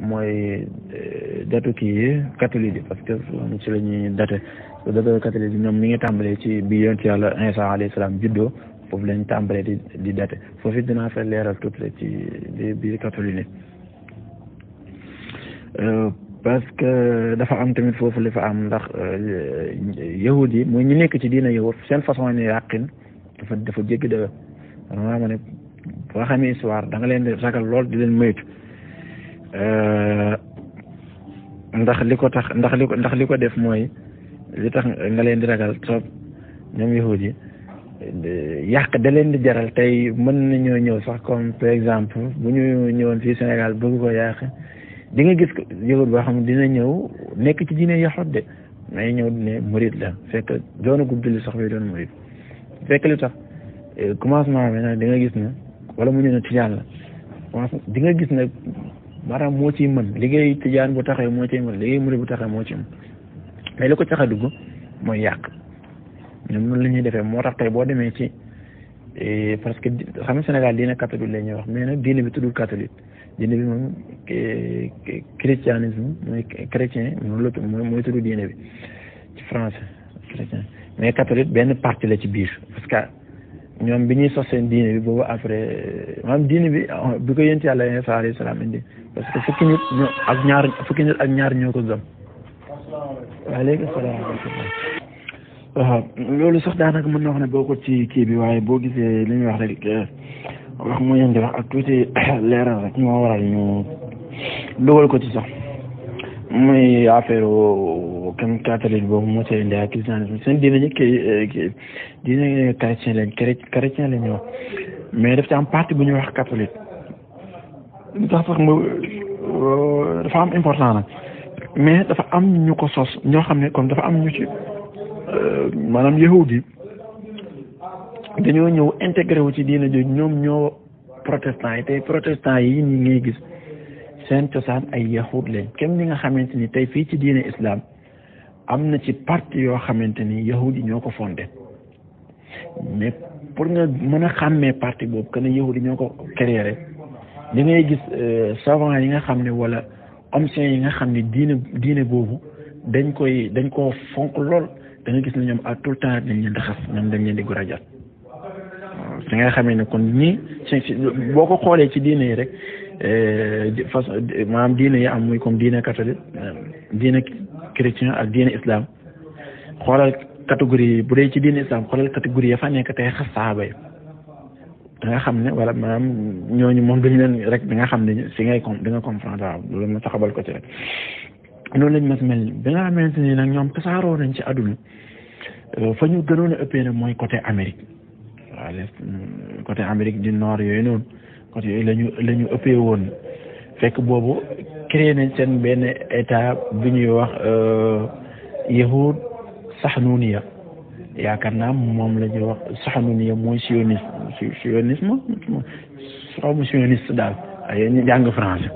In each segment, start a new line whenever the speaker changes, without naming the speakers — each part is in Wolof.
mooy mooy euh, datu kii yi parce que ci la ñuy date su date catholique ñoom mi nga tàmbalee ci bi yoon ci yàlla Isa alayhi salaam juddoo foofu lañ tàmbalee di di date foofu it dinaa fa leeral tout rek ci biir biir catholique euh, parce que dafa am tamit foofu li fa am ndax euh, yahud yi mooy ñu nekk ci diina yahud seen façon ne yàqin dafa dafa jéggi dayoo vraiment ma ne boo xamee histoire da leen ragal lool di leen moytu Euh, ndax li ko tax ndax li ko ndax li ko def mooy li tax nga leen di ragal trop ñoom yahud yi yàq da leen di jaral tey mën na ñëw ñëw sax comme par exemple bu ñu ñëwoon fii Sénégal bëgg ko yàq di nga gis yahud boo xam dina ñëw nekk ci diine yaxut de may ñëw ne murid la fekk doona ko julli sax bi doon murid fekk li tax commencement bi nag di nga gis na wala mu ñëw ne tijaan la commencement di gis ne maanaam moo ciy mën liggéey tijaan bu taxe moo ciy mën liggéey murid bu taxee moo ciy mën mais li ko tax a dugg mooy yàq ñoom noonu la ñuy defee moo tax tey boo demee ci eh, parce que xam nga Sénégal diine catholique la ñuy wax mais nag diine bi tuddul catholique diine bi moom eh, christianisme mooy chrétien moom la mooy tudd diine bi ci français chrétien mais catholique benn parti la ci biir parce que ñoom bi ñuy sos seen diine bi boobu après maanaam diine bi bi ko yénti yàlla Iisaa alayhi salaam indi parce que fukki nit ak ñaar fukki ak ñaar ñoo ko gëm waaleykum loolu sax daanaka mën na wax ne boo ko ci kii bi waaye boo gisee li ñuy wax rek wax mu yéen di ak tuuti leeral rek moo waral ñu dugal ko ci sax muy affaire comme catholique boobu mosee indi ak christianisme seen diine ñi kii diine chrétien lañ chrétien lañ ñoo mais daf ci am parti bu ñuy wax catholique sax sax mu dafa am important nag mais dafa am ñu ko sos ñoo xam ne comme dafa am ñu euh, maanaam yahudi yi dañoo ñëw intégré wu ci diine jooju ñoom ñoo protestant yi tey protestant yi ñi ngay gis seen cosaan ay yahud lañ kenn ñi nga xamante tey fii ci diine islam am na ci parti yoo xamante ni yahud yi ñoo ko fondé mais pour nga mën a xàmmee parti boobu que ne yahud yi ñoo ko créé rek da ngay gis euh, savant yi nga xam ne wala anciens yi nga xam ni diine diine boobu dañ koy dañ koo fonk lool da gis ne ñoom à tout le temps dañ leen di xas ñoom dañ leen di gurajaat waaw si nga xamee ne kon ñii ci boo ko xoolee ci diine yi rek euh, façon maanaam diine yi am muy comme diine catholique euh, diine chrétien ak diine islam xoolal catégorie yi bu dee ci diine islam xoolal catégorie ya fa nekk tey xas saxaaba yi da xam ne wala maanaam ñooñu moom dañu leen rek da nga xam ne si ngay com da nga comprendre waaw loolu ma taxabal ko ci rek noonu lañ mas mel bi nga xamante ni nag ñoom tasaaroo nañ ci àdduna euh, fa ñu gënoon a ëppee nag mooy côté Amérique waaw côté Amérique du nord yooyu noonu côté yooyu la la ñu ëppee woon fekk boobu créé nañ seen benn état bu ñuy wax euh, yahud saxnuuniya yaakaar naa moom la ñuy wax saxnuuniya mooy sionisme sionisme xawma sioniste daal ay ñu jàng français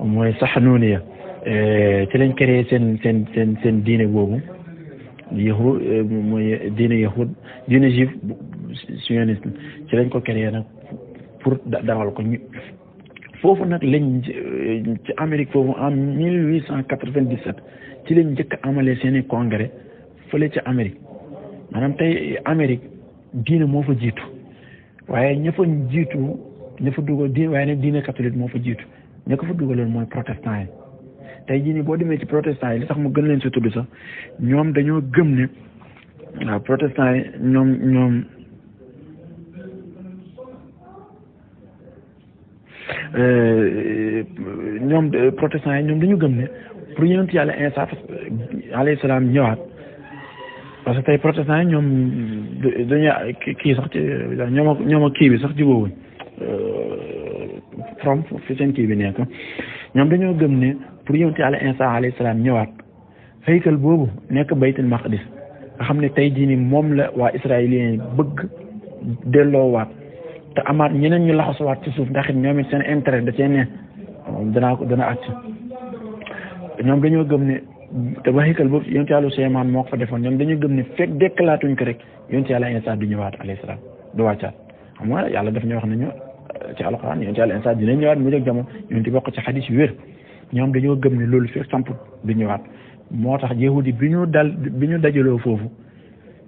mooy saxnuuniya euh, ci lañ créé seen seen seen seen diine boobu yahud euh, mooy diine yahud diine juif sionisme ci lañ ko créé nag pour dawal ko ñu foofu nag lañ euh, ci Amérique foofu en mille huit cent quatre-vingt-dix-sept ci lañ njëkk amalee seeni congrès fële ca Amérique maanaam tey Amérique diine moo fa jiitu waaye ña fa jiitu ña fa dugal waaye nag diine catholique moo fa jiitu ña ko fa dugaloon mooy protestant yi tey jii nii boo demee ci protestant yi li tax mu gën leen si tudd sax ñoom dañoo gëm ne waaw protestant yi ñoom ñoom Euh, euh, ñoom euh, protestants yi ñoom dañu gëm ne pour yonent yàlla Iisaa alayhi salaam ñëwaat parce que tey protestants yi ñoom dañu kii sax ci ñoom ak ñoom ak kii bi sax jubóowuñ Trump fi seen kii bi nekk ñoom dañoo gëm ne pour yonent yàlla Iisaa alayhi salaam ñëwaat haykal boobu nekk baytul maqdis nga xam ne tey jii nii moom la waa israéliens bëgg delloowaat te amaat ñeneen ñu laxasuwaat ci suuf ndax it ñoom it seen intérêt da cee ne danaa ko dana àcc ñoom dañoo gëm ne te waxikal boobu yonent yàlla Suleymaan moo ko fa ñoom dañoo gëm ne fekk dekkalaatuñ ko rek yonent yàlla Iisaa du ñëwaat alayhi salaam du wàccaat xam nga yàlla daf ñu wax ne ñu ci alxuraan yonent yàlla Iisaa dina ñëwaat mu jóg jamono yonent bokk ci xadis yu wér ñoom dañoo gëm ne loolu fekk samput du ñëwaat moo tax yahudi bi ñu dal bi ñu dajaloo foofu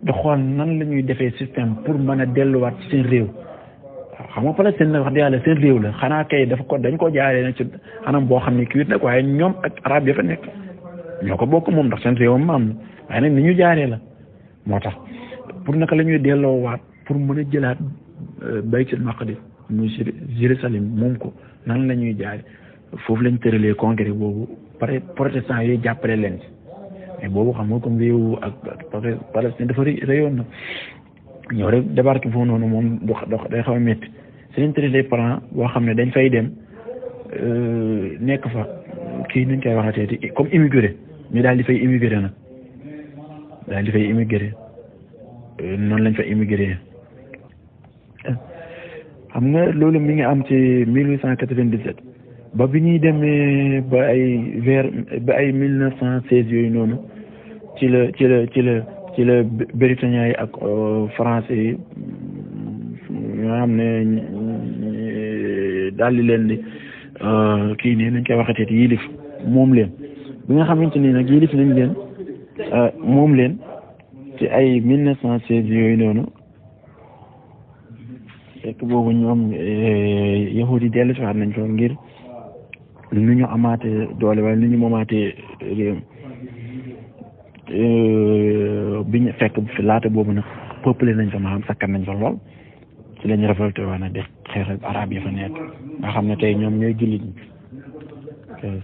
da xool nan lañuy defee système pour mën a delluwaat ci seen réew xam nga Palestine nag wax dëgg yàlla seen réew la xanaa kay dafa ko dañ ko jaaree nag ci anam boo xam ne kiwit nag waaye ñoom ak arab ya nekk ñoo ko bokk moom ndox seen réewam maam na waaye nag ñu jaaree la moo tax pour naka la ñuy delloo waat pour mën a jëlaat euh, baytul maqdis muy Jérusalem moom ko nan la ñuy jaare foofu lañ tëralee congrès boobu pare protestant yooyu jàppale leen ci mais boobu xam nga comme réew ak Palestine dafa réyoon na ñoo rek débarqué foofu noonu moom du day xaw a métti seen intérêt des parents boo xam ne dañ fay dem euh, nekk fa kii nuñ koy waxateeti comme immigré ñu daal di fay immigré na daal di fay immigré euh, noonu lañ fa immigré xam nga loolu mu ngi am ci mille huit cent quatre-vingt-dix-sept ba bi ñuy demee ba ay vers ba ay mille neuf cent seize yooyu noonu ci la ci la ci la ci la Britanniens yi ak euh, français yi mm, nga xam ne daal leen di euh, kii nii nañ koy waxatee yilif moom leen bi nga xamante ni nag yilif nañ leen euh, moom leen ci ay mille neuf cent yooyu noonu fekk boobu ñoom yahud yi dellu si waat nañ ko ngir nu ñu amaatee doole wala nu ñu moomaatee Euh, bi ñu fekk bu laata boobu nag peuplé nañ fa maanaam sakkan nañ fa lool ci lañ révolté woon nag di xeex ak arab fa nekk nga xam ne tey ñoom ñooy jullit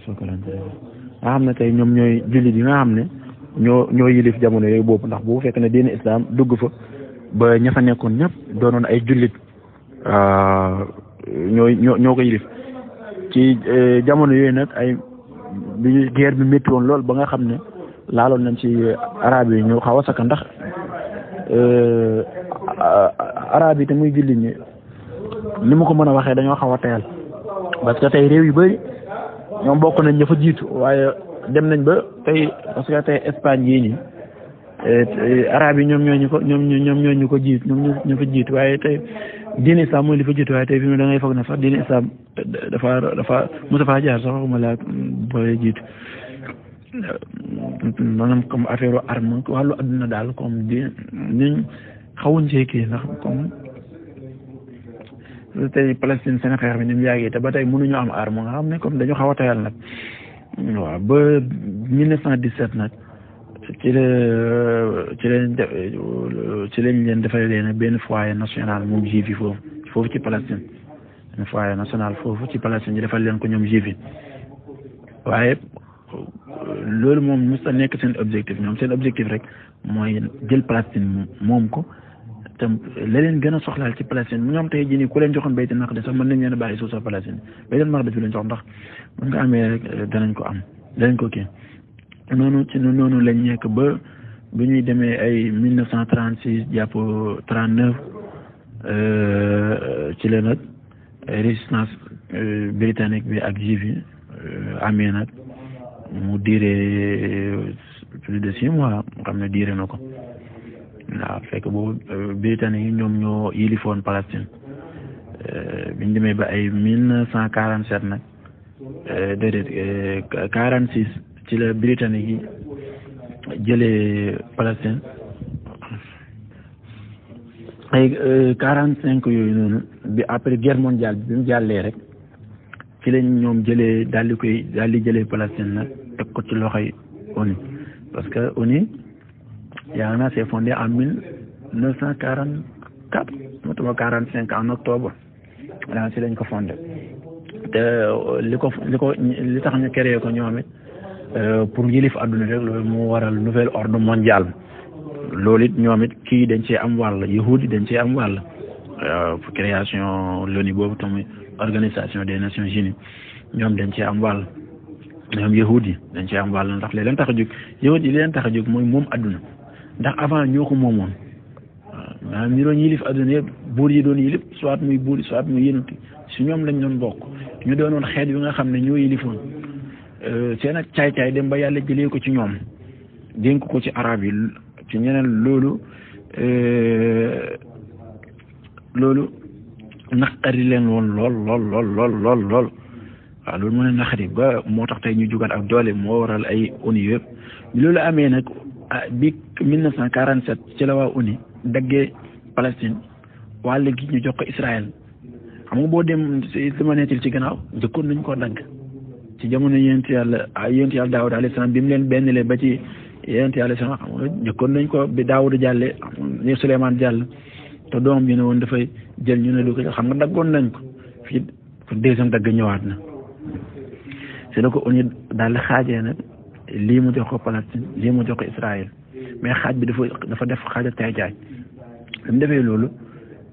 xam ne tey ñoom ñooy jullit yi nga xam ne ñoo ñoo yilif jamono yooyu boobu ndax bu fekk ne diine islam dugg fa ba ña fa nekkoon ñëpp doonoon ay jullit euh, ñoo ñoo ñoo ko yilif ci euh, jamono yooyu nag ay bi guerre bi métti woon lool ba nga xam ne laaloon nañ ci arab yi ñu xaw a sakk ndax euh, arab yi te muy julli ñi ni ma ko mën a waxee dañoo xaw a teel parce que tey réew yu bëri ñoom bokk nañ dafa jiitu waaye dem nañ ba tey parce que tey Espagne yii ñi eh, arab yi ñoom ñoo ñu ko ñoom ñoom ñoo ñu ko jiit ñoom ñu ko jiit waaye te diine islam mooy li fa jiitu waaye tey fi mu da ngay foog ne sax diine dafa dafa Moustapha Diar sax waxuma laa booy jiitu maanaam comme affaire u arme wàllu adduna daal comme di niñ xawuñ kii ndax comme tey Palestine seen xeex bi ni yàggee te ba tey mënuñu am arme nga xam ne comme dañu xaw a tayal nag waaw ba 1917 nag ci la ci lañ ci lañ leen defalee leen benn foyer national moom juif yi foofu foofu ci Palestine benn foyer foofu ci Palestine ñu defal leen ko ñoom juif yi waaye loolu moom mos a nekk seen objectif ñoom seen objectif rek mooy jël Palestine moom ko te la leen gën a soxlaal ci Palestine ñoom tey ji nii ku leen joxoon Baytul Maqdis sax mën nañ leen a bàyyi suuf sax Palestine Baytul Maqdis bi leen jox ndax mën nga amee rek eh, danañ ko am danañ ko kii noonu ci noonu lañ nekk ba bu ñuy demee ay mille neuf cent trente six jàpp trente neuf euh, ci la nag résistance euh, britannique bi ak juif yi euh, amee nag mu diire plus de six mois xam ne diire na ko waaw fekk boobu euh, Britannique yi ñoom ñoo yilifoon Palestine euh, biñ demee ba ay mille neuf cent quarante sept nag euh, déedéet quarante six ci la Britannique yi jëlee Palestine ay quarante cinq yooyu noonu bi après guerre mondiale bi mu jàllee rek ci lañ ñoom jële dal di koy daal di jëlee Palestine na teg ko ci loxoy ONU parce que ONU yaakaar naa c'est fondé en mille neuf cent quarante quatre motuma quarante cinq en octobre daa ko fondé li ko li ko li tax ñu créé ko ñoom it euh, pour yilif àdduna rek loolu moo waral nouvel ordre mondial loolu it ñoom kii dañ cee am wàll yahudi dañ cee am wàll euh, création l'ONU boobu tamit organisation des nations unies ñoom dañ cee am wàll ñoom yahud yi dañ ci am wàll ndax li leen tax a jóg yahud yi leen tax a jóg mooy moom adduna ndax avant ñoo ko moomoon waaw maanaam ñi doon yilif adduna yëpp buur yi doon yilif soit muy buur soit muy yénant si ñoom lañ doon bokk ñu doonoon xeet bi nga xam ne ñoo yilifoon euh, seen ak caay-caay dem ba yàlla jëlee ko ci ñoom dénk ko ci arab yi ci ñeneen loolu euh, loolu naqari leen woon lool lool lool lool lool lool waaw loolu mën na naqari ba moo tax tey ñu jugaat ak doole moo waral ay ONU yëpp loolu amee nag ah, bi 1947 ci la waa ONU daggee Palestine wàll gi ñu jox ko Israël xam nga boo dem dama nettil ci gannaaw njëkkoon nañ koo dagg ci jamono yent yàlla ah, yent yàlla Daawuda alayhi salaam bi leen benn lee ba ci yent yàlla salaam xam nga njëkkoon nañ ko bi Daawuda jàlle ni Suleymaan jàll te doom ñu ne woon dafay jël ñu ne du xam nga daggoon nañ ko fii deuxième dagg ñëwaat na si la ko uñu daal di xaajee nag lii mu jox ko Palestine lii mu jox ko Israël mais xaaj bi dafa dafa def xaaja tay jaay mu defee loolu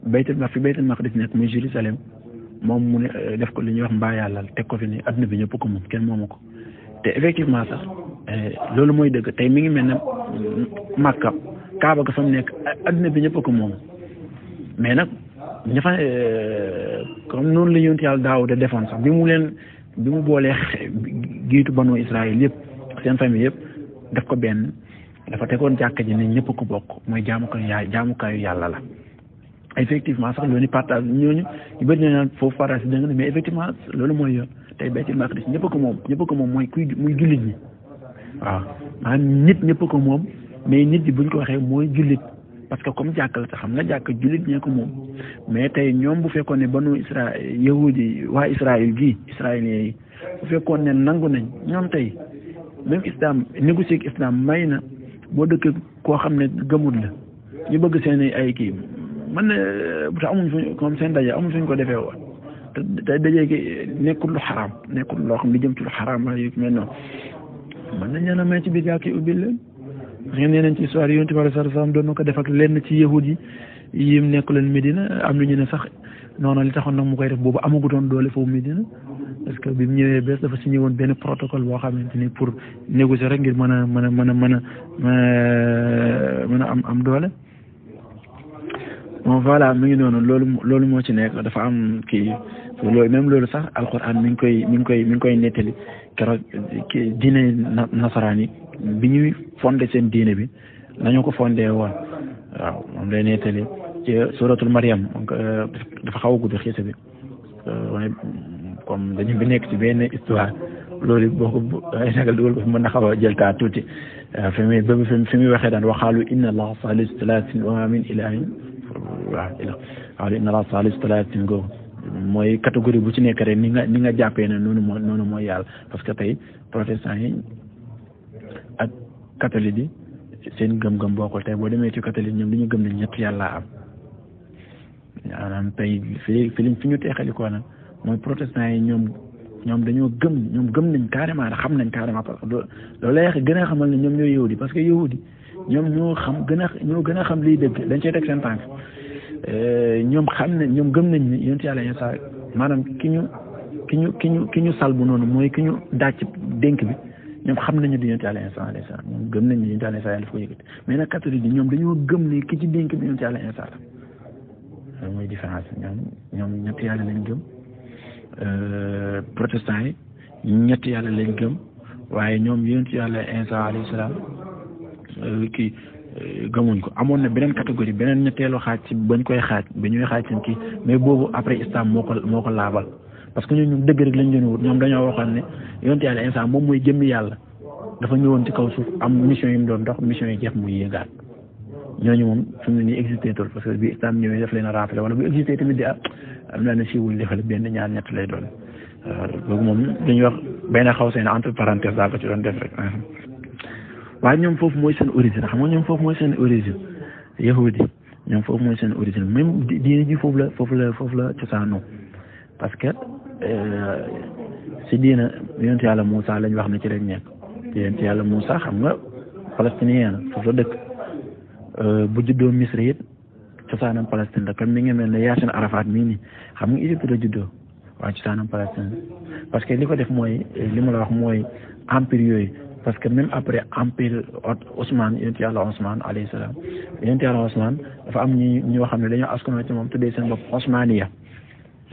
baytul ma fi baytul maqdis nekk muy Jérusalem moom mu ne euh, def ko lu ñuy wax mbaa yàllal teg ko fi ni adduna bi ñëpp ko moom moomu ko te effectivement sax euh, loolu mooy dëgg tey mi ngi mel ne Makka Kaaba ga fa mu nekk adduna bi ñëpp ko moom mais nag ña fa euh, comme noonu la yonent yàlla daaw de defoon sax mu leen bi mu boolee giitu banu Israël yëpp seen famille yëpp def ko benn dafa tegoon jàkka ji ne ñëpp ko bokk mooy jaamukaay yaa jaamukaayu yàlla la. effectivement sax loolu partage ñooñu ñu bëri na naan foofu partage dëgg na mais effectivement loolu mooy yoon tey baytul maqdis ñëpp ko moom ñëpp ko moom mooy kuy muy jullit ñi waaw maanaam nit ñëpp ko moom mais nit bi buñ ko waxee mooy jullit. parce que comme jàkk la te xam nga jàkk jullit ñee ko moom mais tey ñoom bu fekkoon ne banu isra yahudi waa israël gi israéliens yi bu fekkoon ne nangu nañ ñoom tey même islam négocier ak islam may na boo dëkk koo xam ne gëmut la ñu bëgg seen ay kii man ne te amuñ fuñ comme seen daje amuñ fuñ ko defee woon te te daje gi nekkul lu xaraam nekkul loo xam ne jëm ci lu xaraam la yu mel noonu may ci biir jàkk yi ubbil leen ngeen yeneen ci histoire yi yonent bi sallallahu alayhi doon ko defak lenn ci yahud yi yim nekkuloon Medina am ñu ne sax noonu li taxoon nag mu koy def boobu amagutoon doole foofu Medina parce que bi mu ñëwee bees dafa signé woon benn protocole boo xamante ni pour négocier rek ngir mën a mën a mën a mën a mën a am am doole. bon voilà mi ngi noonu loolu loolu moo ci nekk dafa am kii loolu même loolu sax alquran mi ngi koy mi ngi koy mi ngi koy nettali keroog diine nasaraan yi bi ñuy fondé seen diine bi nañu ko fondé woon waaw moom lay nettali ci suratul euh, dafa xaw a gudd xiisa bi euh, waaye dañu bi nekk ci benn histoire loolu boo ko ay mën na xaw a jël taa tuuti euh, fi muy ba fi muy waxee daan waxaalu inna allaha salisu talatin wa min ilahin waaw ila waxaalu inna mooy catégorie bu ci nekk rek ni nga ni nga jàppee ne noonu moo noonu mooy yàlla parce que tey protestant yi ak catholique yi seen gëm-gëm bokkul te boo demee ci catholique ñoom dañu gëm nañ ñett yàlla am maanaam tey fi fi fi ñu teexalikoo nag mooy protestant yi ñoom ñoom dañoo gëm ñoom gëm nañ carrément xam nañ carrément parce que loolu lay gën a xamal ne ñoom ñooy yi parce que yahudi ñoom ñoo xam gën a ñoo gën a xam lii dëgg dañ cey teg seen tànk euh, ñoom xam nañ ñoom gëm nañ ne yonent yàlla Iisaa maanaam ki ñu ki ñu ki ñu ki ñu salbu noonu mooy ki ñu dàcc dénk bi ñoom xam nañu dañoo caale instant gëm nañu dañoo caale instant yàlla daf ko ñoom dañoo gëm ne ki ci mooy différence ñoom ñoom ñett yàlla lañ gëm euh, protestant yi ñett yàlla lañ gëm waaye ñoom yonent yàlla instant alayhi salaam euh, kii euh, gëmuñ ko amoon na beneen catégorie beneen ñetteelu xaaj ci bañ koy xaaj ba ñuy xaaj seen mais boobu après islam moo ko moo ko laabal. parce que ñun dëgg rek lañ doon wut ñoom dañoo waxoon ne yonte yàlla instant moom mooy jëmmi yàlla dafa ñëwoon ci kaw suuf am mission yi mu doon ndox mission yi jeex muy yéegaat ñooñu moom fi mu ne nii existé tool parce que bi islam ñëwee daf leen a rappelé wala bu existé ah, euh, xaw seen entre parenthèse daa ko ci doon def rek. waaye ñoom foofu mooy seen origine xam nga ñoom foofu mooy seen origine mooy seen origine même diine ji foofu la foofu la foofu la cosaanoo parce que. Euh, si diina yonent yàlla Moussa lañ wax na ci lañ nekk te yonent yàlla Moussa xam nga palestinien la foofu la dëkk euh, bu juddoo Misri it cosaanam Palestine la comme ni ngeen mel ne Yaasin Arafat mii nii xam nga Égypte la juddoo waaye cosaanam Palestine parce que li ko def mooy li ma la wax mooy empire yooyu parce que même après empire Ousmane yonent yàlla Ousmane alayhi salaam yonent yàlla Ousmane dafa am ñu ñoo xam ne dañoo askanoo ci moom tuddee seen bopp Ousmaniya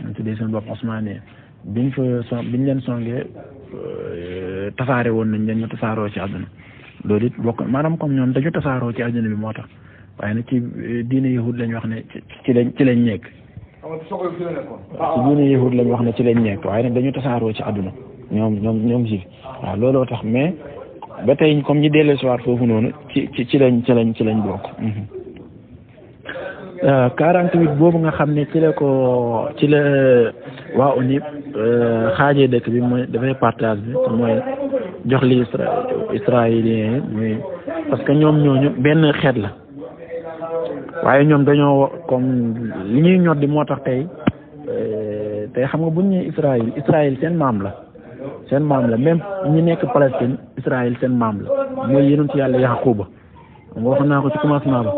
ñu tuddee seen bopp Ousmane biñ so biñ leen songee euh, tasaare woon nañ leen ñu tasaaroo ci àdduna loolu it bokk maanaam comme ñoom dañu tasaaroo ci àdduna bi moo tax waaye nag ci euh, diine yahud lañ wax ne ci lañ ci lañ nekk. ci
diine lañ
wax ne ci lañ nekk waaye nag dañu tasaaroo ci àdduna ñoom ñoom ñoom si waaw looloo tax mais ba tey comme ñi dellu si foofu noonu ci ci ci lañ ci lañ ci lañ bokk. Euh, quarante-huit boobu nga xam ne ci la ko ci la waa UNIP euh, xaajee dëkk bi mooy dafay partage bi mooy jox li isra israélien parce que ñoom ñooñu benn xeet la waaye ñoom dañoo comme li ñuy ñor di moo tax tey euh, te xam nga bu ñu Israël Israël seen maam la seen maam la même ñu nekk Palestine Israël seen maam la mooy ci yàlla Yaxuuba nga wax naa ko ci commencement ba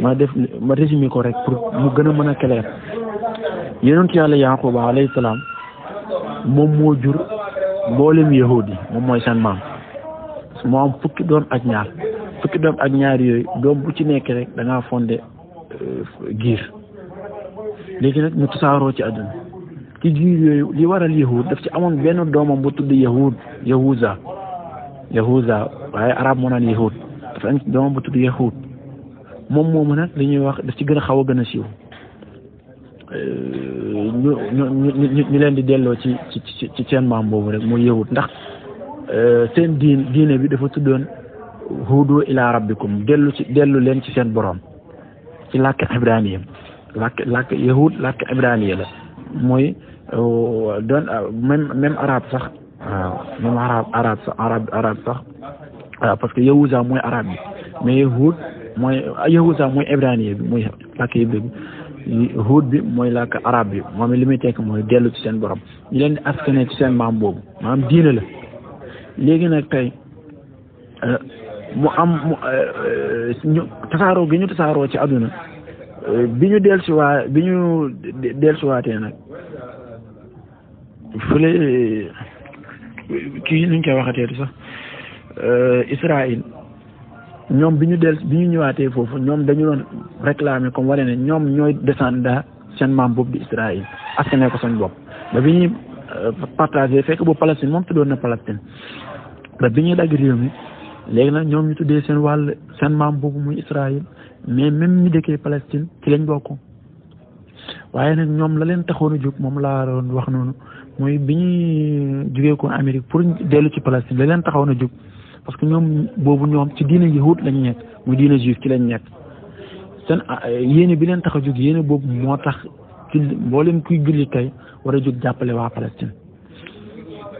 ma def ma résumé ko rek pour mu gën a mën a keleer clair yonent yàlla Yaquba alayhi salaam moom moo jur mboolem yahudi moom mooy seen maam moo am fukki doom ak ñaar fukki doom ak ñaar yooyu doom bu ci nekk rek da ngaa euh, giir léegi nag ñu tasaaroo ci àdduna ki giir yooyu li waral yahud daf ci amoon benn doomam bu tudd yahud yahuza yahuza waaye arab moo naan yahud am doomam bu tudd Yaxuud moom moomu nag li ñuy wax daf ci gën a xaw a gën a siiw euh, ñu ñu ñu leen di delloo ci ci ci seen maam boobu rek mooy Yahud ndax euh, seen diin diine bi dafa tuddoon huudu ilaa rabbikum dellu ci dellu leen ci seen boroom ci làkk ibraniya làkk làkk Yahud làkk yi la mooy euh, doon même même arabe sax waaw même arabe arabe sax arabe arabe sax waaw euh, parce que yahuza mooy arabe bi mais yahud mooy yahuza mooy ibraniye bi mooy làkk hébreu bi hud bi mooy làkk arabe bi moom li muy tekk mooy dellu ci seen borom ñu leen di askane ci seen maam boobu maam diine la léegi nag tey euh, mu am euh, ñu tasaaroo gi ñu tasaaroo ci adduna bi ñu dellu si waa bi ñu dellu nag fële kii nuñ koy waxatee sax Euh, Israël ñoom bi ñu dell bi ñu ñëwaatee foofu ñoom dañu doon réclamer comme wane ne ñoom ñooy descendant seen maam boobu di Israël ak ne ko seen bopp ba bi ñuy euh, partagé fekk bu Palestine moom tuddoon na Palestine ba bi ñuy dagg réew mi léegi nag ñoom ñu tuddee seen wàll seen maam boobu muy Israël mais même ñu dëkkee Palestine ci lañ bokk waaye nag ñoom la leen taxoon a jóg moom laa doon wax noonu mooy bi ñuy jugee ko Amérique pour dellu ci Palestine la leen taxawoon a jóg parce que ñoom boobu ñoom ci diine yahut lañ nekk muy diine juif ci lañ nekk seen ah, yéene bi leen tax a jóg yéene boobu moo tax ci mboolem kuy julli tey war a jóg jàppale waa Palestine.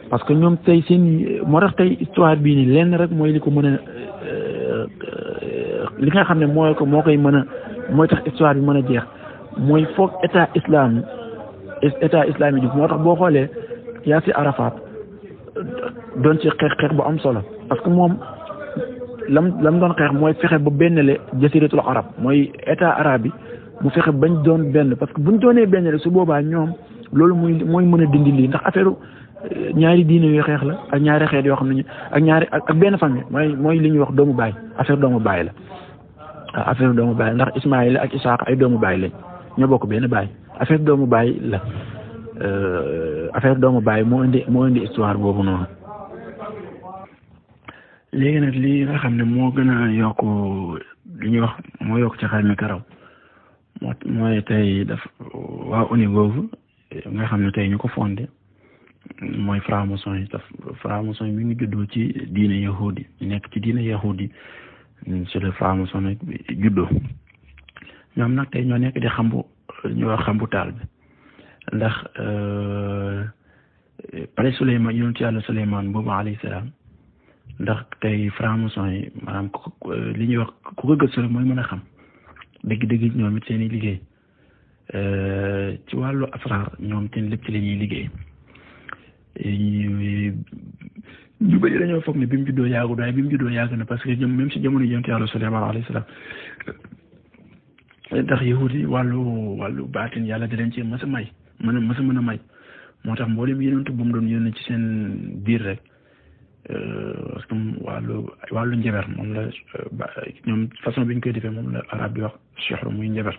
parce que ñoom tey seen moo tax tey histoire bii nii lenn rek mooy li ko mën a euh, li nga xam ne mooy moo koy mën a mooy tax histoire bi mën a jeex mooy foog état islam état islamique moo tax boo xoolee Yaasir Arafat doon ci xeex xeex bu am solo. parce que moom lam lam doon xeex mooy fexe ba benn le jasiratul arab mooy état arabe bi mu fexe bañ doon benn parce que buñ doonee benn su boobaa ñoom loolu muy mooy mën a dindi lii ndax affaire ñaari diine yu xeex la ak ñaari xeet yoo xam ne ak ñaari ak benn famille mooy mooy li ñuy wax doomu baay affaire doomu baay la. affaire doomu baay ndax Ismaayil ak Isaaq ay doomu baay lañ ñoo bokk benn baay affaire doomu baay la affaire doomu baay moo indi moo indi histoire boobu noonu. léegi nag lii nga xam ne moo gën a yokk li ñuy wax moo yokk ci xarmi karaw moo mooy tey daf waa uni nga xam ne tey ñu ko fonde mooy franc-maçon yi daf ngi juddoo ci diine yahudi nekk ci diine yahudi ci le franc-maçon nag juddoo ñoom nag tey ñoo nekk di xambu ñu wax xambu taal bi ndax euh, pare Souleymane yonent yàlla Souleymane boobu alayhi salaam ndax tey franc yi maanaam euh, li ñuy wax ku ko gëstu rek mooy mën a xam dëgg-dëgg ñoom it seeni i liggéey euh, ci wàllu asraar ñoom teen lépp ci la ñuy liggéey ñu bëri dañoo foog ne bi mu juddoo yaagu daay yàgg na parce que ñoom même si jamono yonent yàlla Suleymaan si salaam ndax yahut yi wàllu wàllu baatin yàlla de leen ci mës a may mën a mës a mën a may moo tax mboolem yonent bu mu doon yónni ci seen biir rek. Euh, parce que wàllu wàllu njabar moom la euh, ñoom façon bi ñu koy defee moom la arab bi wax sixru muy njabar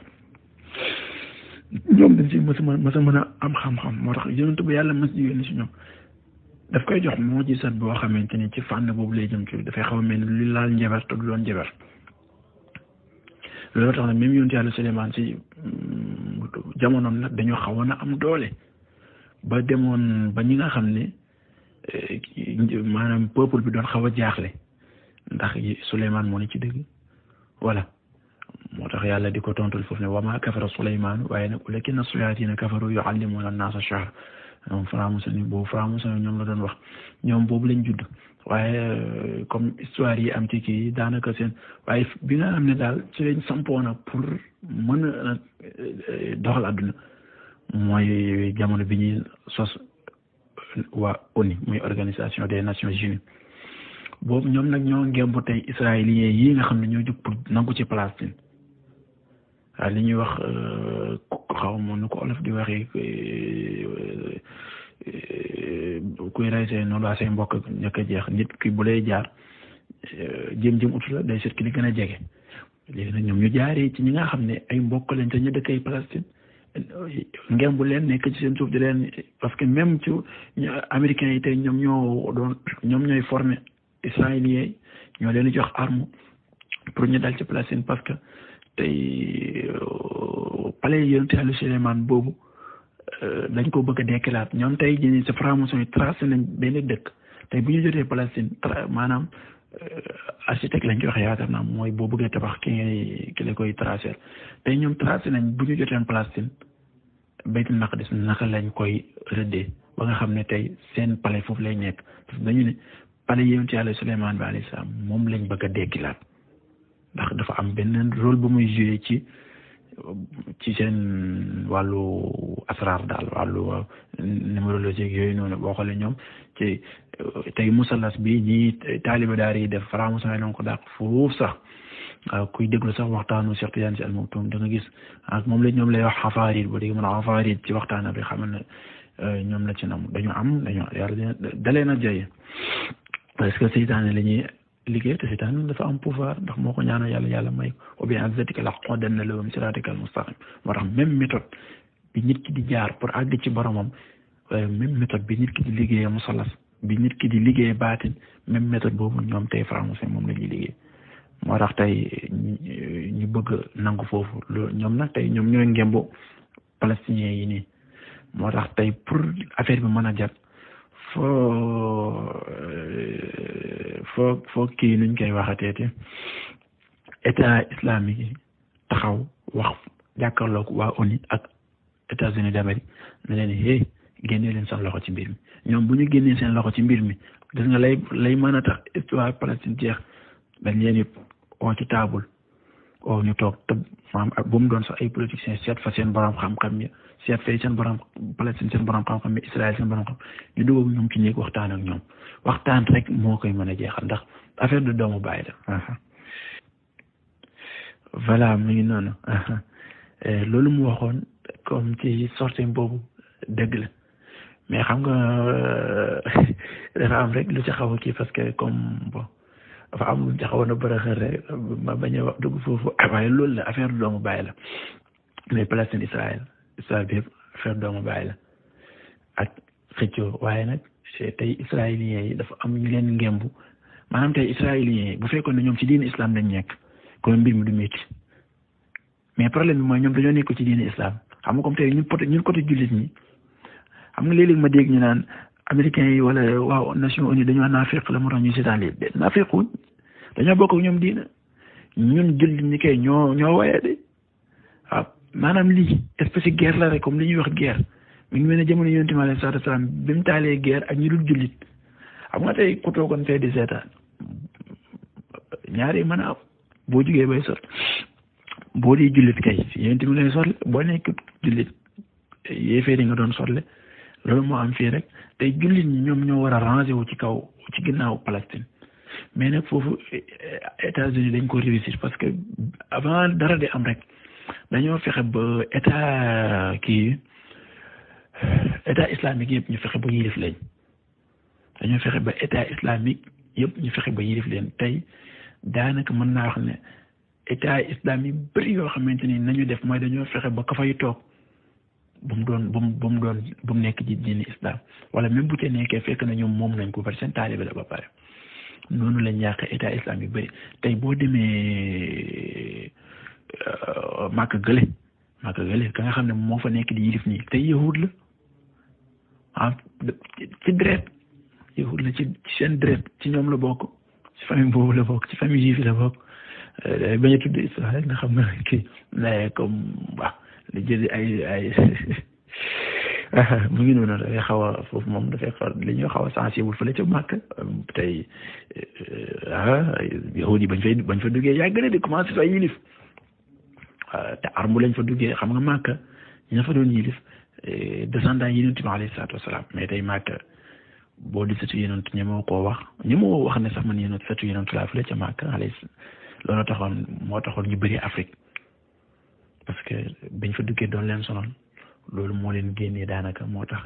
ñoom dañ si mës a mës a am xam-xam moo tax yonent bu yàlla ma di si koy jox moo ci sat boo xamante ni ci fànn boobu lay jëm dafay xaw a mel lu laal njabar te du doon njabar loolu tax nag même yonent yàlla Suleymaan si mm, jamonoom nag dañoo xawoon a am doole ba demoon ba ñi nga xam ne Euh, maanaam peuple bi doon xaw a jaaxle ndax Souleymane moo ne ci dëgg voilà moo tax yàlla di ko tontul foofu ne wa ma kafara Souleymane waaye nag walakinna shayaatiina kafaru yuallimuuna an-naasa ash-shahr ñoom franc-maçon yi boobu franc-maçon yi ñoom la doon wax ñoom boobu lañ judd waaye euh, comme histoire yi am ci kii daanaka seen waaye bi am ne daal ci lañ sampoona pour mën a euh, doxal adduna mooy jamono bi ñuy sos waa ONU muy organisation de nations unies boobu ñoom nag ñoo ngemb tey israéliens yi nga xam ne ñoo jóg pour nangu ci Palestine waaye li ñuy wax euh, xaw ma nu ko olof di waxee euh, kuy rey say noonu waa say mbokk ñëkk jeex nit ki bu lay jaar euh, jëm jëm utu la day seet ki li gën a jege léegi nag ñoom ñu jaaree ci ñi nga xam ne ay mbokk lañ te ñu dëkkay Palestine ngemb leen nekk ci seen suuf di leen parce que même ci américains yi tey ñoom ñoo doon ñoom ñooy former israéliens ñoo leen di jox arme pour ñu daal ci Palestine parce que tey euh, palais yonent Yàlla Suleymaan boobu euh, dañ ko bëgg a dekkilaat ñoom tey jii sa franc-maçon nañ dëkk tey bu ñu jotee Palestine maanaam euh, architecte lañ koy wax yaakaar naa mooy boo bëggee ki ngay ki tey ñoom tracé nañ bu ñu jotee Palestine baytul maqdis naka lañ koy rëddee ba nga xam ne tey seen palais foofu lay nekk dañu ne palais yonent Yàlla Suleymaan bi alayhi salaam moom lañ bëgg a déggi dekkilaat ndax dafa am benn rôle bu muy joué ci ci seen wàllu asraar daal wàllu numérologie yooyu noonu boo xoolee ñoom ci tey musalas bi ñii taaliba daar yi def franc-maçon yi ko dàq foofu sax kuy déglu sax waxtaanu Cheikh Tidiane si Al-Maktoum da nga gis ak moom la ñoom lay wax xafaarit ba léegi mën a xafaarit ci waxtaan bi xamal ne euh, ñoom la ci nam dañu am dañu yàlla dalee na jaye parce que seytaane la ñuy liggéey te seytaane dafa am pouvoir moo ko ñaanal yàlla yàlla may ko bi azzatika laqudanna lahum siraatakal mustaqim moo tax même méthode bi nit ki di jaar pour àgg ci boromam même méthode bi nit ki di liggéeyee musallas bi nit ki di liggéey baatin même méthode boobu ñoom tey français moom la ñuy liggéey moo tax tey ñu bëgg nangu foofu loolu ñoom nag tey ñoom ñooy ngembo palestiniens yi nii moo tax tey pour affaire bi mën a jag foo foo foo kii nuñ koy waxateeti état islamique taxaw wax jàkkaarloog waa ONU ak États-Unis d'Amérique ne leen hey génnee loxo ci mbir mi ñoom bu ñu génnee seen loxo ci mbir mi gis nga lay lay mën a tax histoire Palestine jeex dañ leen oo ci taabul oo ñu toog te maam bu mu doon sax ay politiciens seet fa seen borom xam-xam yi seet fay seen borom Palestine seen borom xam-xam yi Israël seen borom xam ñu dugg ñoom ci néeg waxtaan ak ñoom waxtaan rek moo koy mën a jeexal ndax affaire de doomu bàyyi la. voilà mu ngi noonu eh, loolu mu waxoon comme ci sortie boobu dëgg la mais xam nga euh, dafa rek lu ci xaw parce que comme bon. dafa am jaxawoon a bërëxër rek ma bañ a wax dugg foofu ah, waaye loolu la affaire doomu baay la mais Palestine Israël Israël bi yëpp affaire doomu baay la ak xëccoo waaye nag tey israéliens yi dafa am ñu leen ngemb maanaam tey israéliens yi bu fekkoon na ñoom ci diini islaam dañ nekk kon mbir mi du métti mais problème bi mooy ñoom dañoo nekk ci diini islam xam nga comme tey ñun côté jullit ñi xam nga léeg-léeg ma dégg ñu naan américains yi wala waaw Nations Unies dañoo naafiq la mu tax ñu seetaan lii de naafiq wuñ dañoo bokk ñoom diina ñun jullit ñi kay ñoo ñoo de maanaam lii espèce guerre la rek comme li ñuy wax guerre mi ngi mel ne jamono yonent mi alayhi salaatu wasalaam bi mu taalee guerre ak ñu dul jullit xam nga tey ku toogoon fee di seetaan ñaari mën boo jugee bay sot boo dee jullit kay yonent nga doon sotle loolu moo am fii rek tey jullit ñi ñoom ñoo war a ranger wu ci kaw ci ginnaaw Palestine mais nag foofu eh, eh, États-Unis dañ ko réussir parce que avant dara di am rek dañoo fexe ba état kii état islamique yëpp ñu fexe ba yilif leen dañoo fexe ba état islamique yëpp ñu fexe ba yilif leen tey daanaka mën naa wax ne état islamique bëri yoo xamante ni nañu def mooy dañoo fexe ba ka fay toog. bu mu doon bu mu bu mu doon bu mu nekk ci diini islam wala même bu ca nekkee fekk na ñoom moom nañ ko bari seen taalibe la ba pare noonu lañ yàq état islam yu bëri tey boo demee euh, Màkka Gële Màkka Gële ka nga xam ne moo fa nekk di yilif nii tey yahud ah, la ci deret yahud la ci seen deret ci ñoom la bokk ci famille boobu la bokk ci famille juif la bokk euh, bañ a tudd Israël nga xam nga kii comme li jëli ay ay mu ngi noonu dafay xaw a foofu moom dafay far li ñuy xaw a sensible fële ca màkk tey eh, ah yahuud yi bañ fay bañ fa duggee yàgg na di commencé fay yilif ah, te arme lañ fa duggee xam nga màkk ña fa doon yilif eh, descendant yi yonent ti alayhi salaatu wasalaam mais tey màkk boo di sëtu yonent ñemoo koo wax ñemoo wax ne sax man yonent sëtu yonent laa fële ca màkk alayhi loolu taxoon moo taxoon ñu bëri Afrique parce que bañ fa duggee doo leen sonal loolu moo leen génnee daanaka moo tax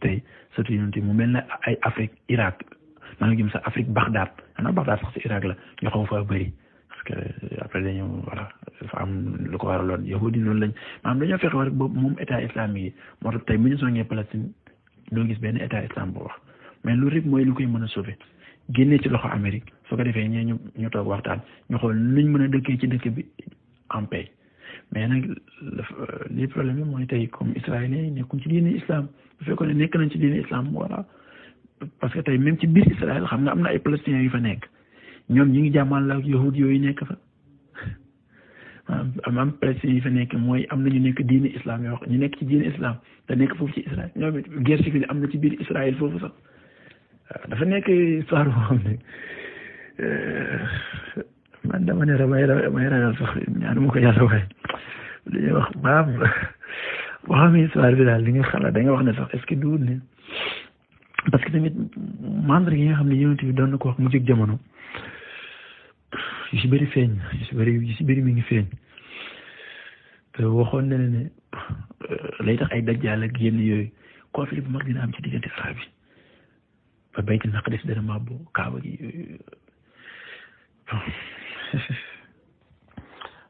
tey surtout yonent mu mel na ay Afrique Irak maa ngi gëm sax Afrique Bagdad xanaa Bagdad sax si Irak la ñu xaw faa bëri parce que après dañu voilà dafa am lu ko waraloon yahudi noonu lañ maanaam dañoo fexe war boobu moom état islamique yi moo tax tey bu ñu songee Palestine doo gis benn état islam bu wax mais lu rek mooy lu koy mën a sauver génnee ci loxo Amérique su ko defee ñu ñu waxtaan ñu xool nuñ mën a dëkkee ci dëkk bi en paix mais nag li problème bi mooy tey comme israéliens yi nekkuñ ci diine islam bu fekkoon ne nekk nañ ci diine islam voilà parce que tey même ci biir Israël xam nga am na ay palestiniens yu fa nekk ñoom ñi ngi jàmmal ak yahud yooyu nekk fa am am palestiniens yu fa nekk mooy am na ñu nekk diine islam yoo a ñu nekk ci diine islam te nekk foofu ci Israël ñoom it guerre civile am na ci biir Israël foofu sax dafa nekk histoire boo xam ne euh, man dama ne damay damay ragal sax ñaanu ko yàlla waaye. li ñuy wax boo xam ne histoire bi daal li nga xalaat da nga wax ne sax est-ce que duul ne parce que tamit membre yi nga xam ne yonent bi doon na ko wax mu jóg jamono yu si bëri feeñ yu si bëri yu si bëri mi ngi feeñ te waxoon na ne ne lay tax ay daj ak yenn yooyu conflit bu mag dina am ci diggante saa bi ba baytil maqdis dana mabbu kaaba gi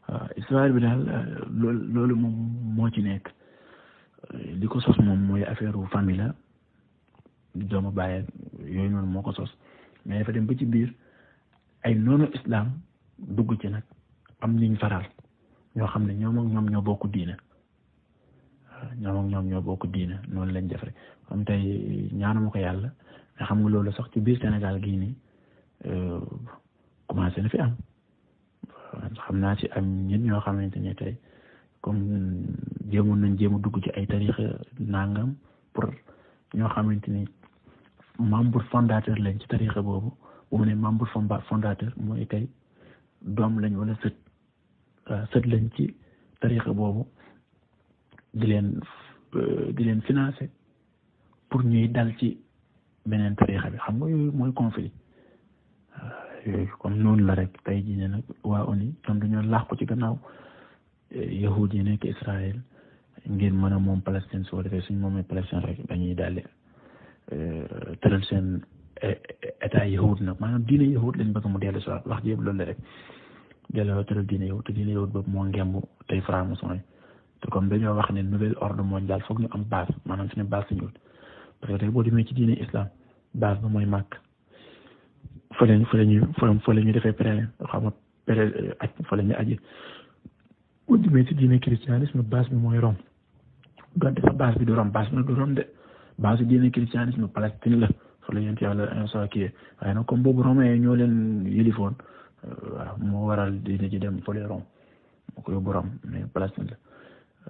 waaw euh, Israël bi daal euh, loolu moom moo ci nekk li ko sos moom mooy affaire famille la doomu bàyyi yooyu noonu moo ko sos mais dafa dem ba ci biir ay noonu islam dugg ci nag am niñ faral ñoo xam ne ñoom ak ñoom ñoo bokk diina euh, ñoom ak ñoom ñoo bokk diina noonu lañ def rek am tey ñaanu ma ko yàlla mais xam nga loolu sax ci biir Sénégal gii nii commencé na fi am. alquran xam naa ci am ñen ñoo xamante ne tey comme jéemoon nañ jéem a dugg ci ay tarixa nangam pour ñoo xamante ni membre fondateur lañ ci tarixa boobu bu mu ne membre fondateur mooy tey doom lañ wala sët sët lañ ci tarixa boobu di leen euh, di leen financer pour ñuy dal ci beneen tarixa bi xam nga yooyu mooy conflit yooyu noonu la rek tey jii ne nag waa ONU ñoom dañoo làqu ci gannaaw eh, yahud yi nekk Israël ngeen mën a moom Palestine soo ko defee suñ moomee Palestine rek dañuy daldi eh, tëral seen eh, état yahud nag maanaam diine yahud lañ bëgg mu dellu si waat wax ji yëpp loolu la rek delloo tëral diine yahud te diine yahud boobu moo ngemb tey franc-maçon yi te comme dañoo wax ne nouvel ordre mondial foog ñu am base maanaam suñu base suñu wut parce que tey boo demee ci diine islam base ba mooy màkk. fa lañ fa ñu ñuy fa la ñuy defee prélin xam nga aj fa la ñuy aji bu ci diine christianisme base bi mooy Rome donte fa base bi du Rome base bi du Rome de base bi diine christianisme Palestine la fa la yonent yàlla instant kii waaye nag comme boobu Rome ñoo leen yilifoon euh, waaw moo waral diine ji dem fële Rome moo ko yóbbu Rome mais Palestine la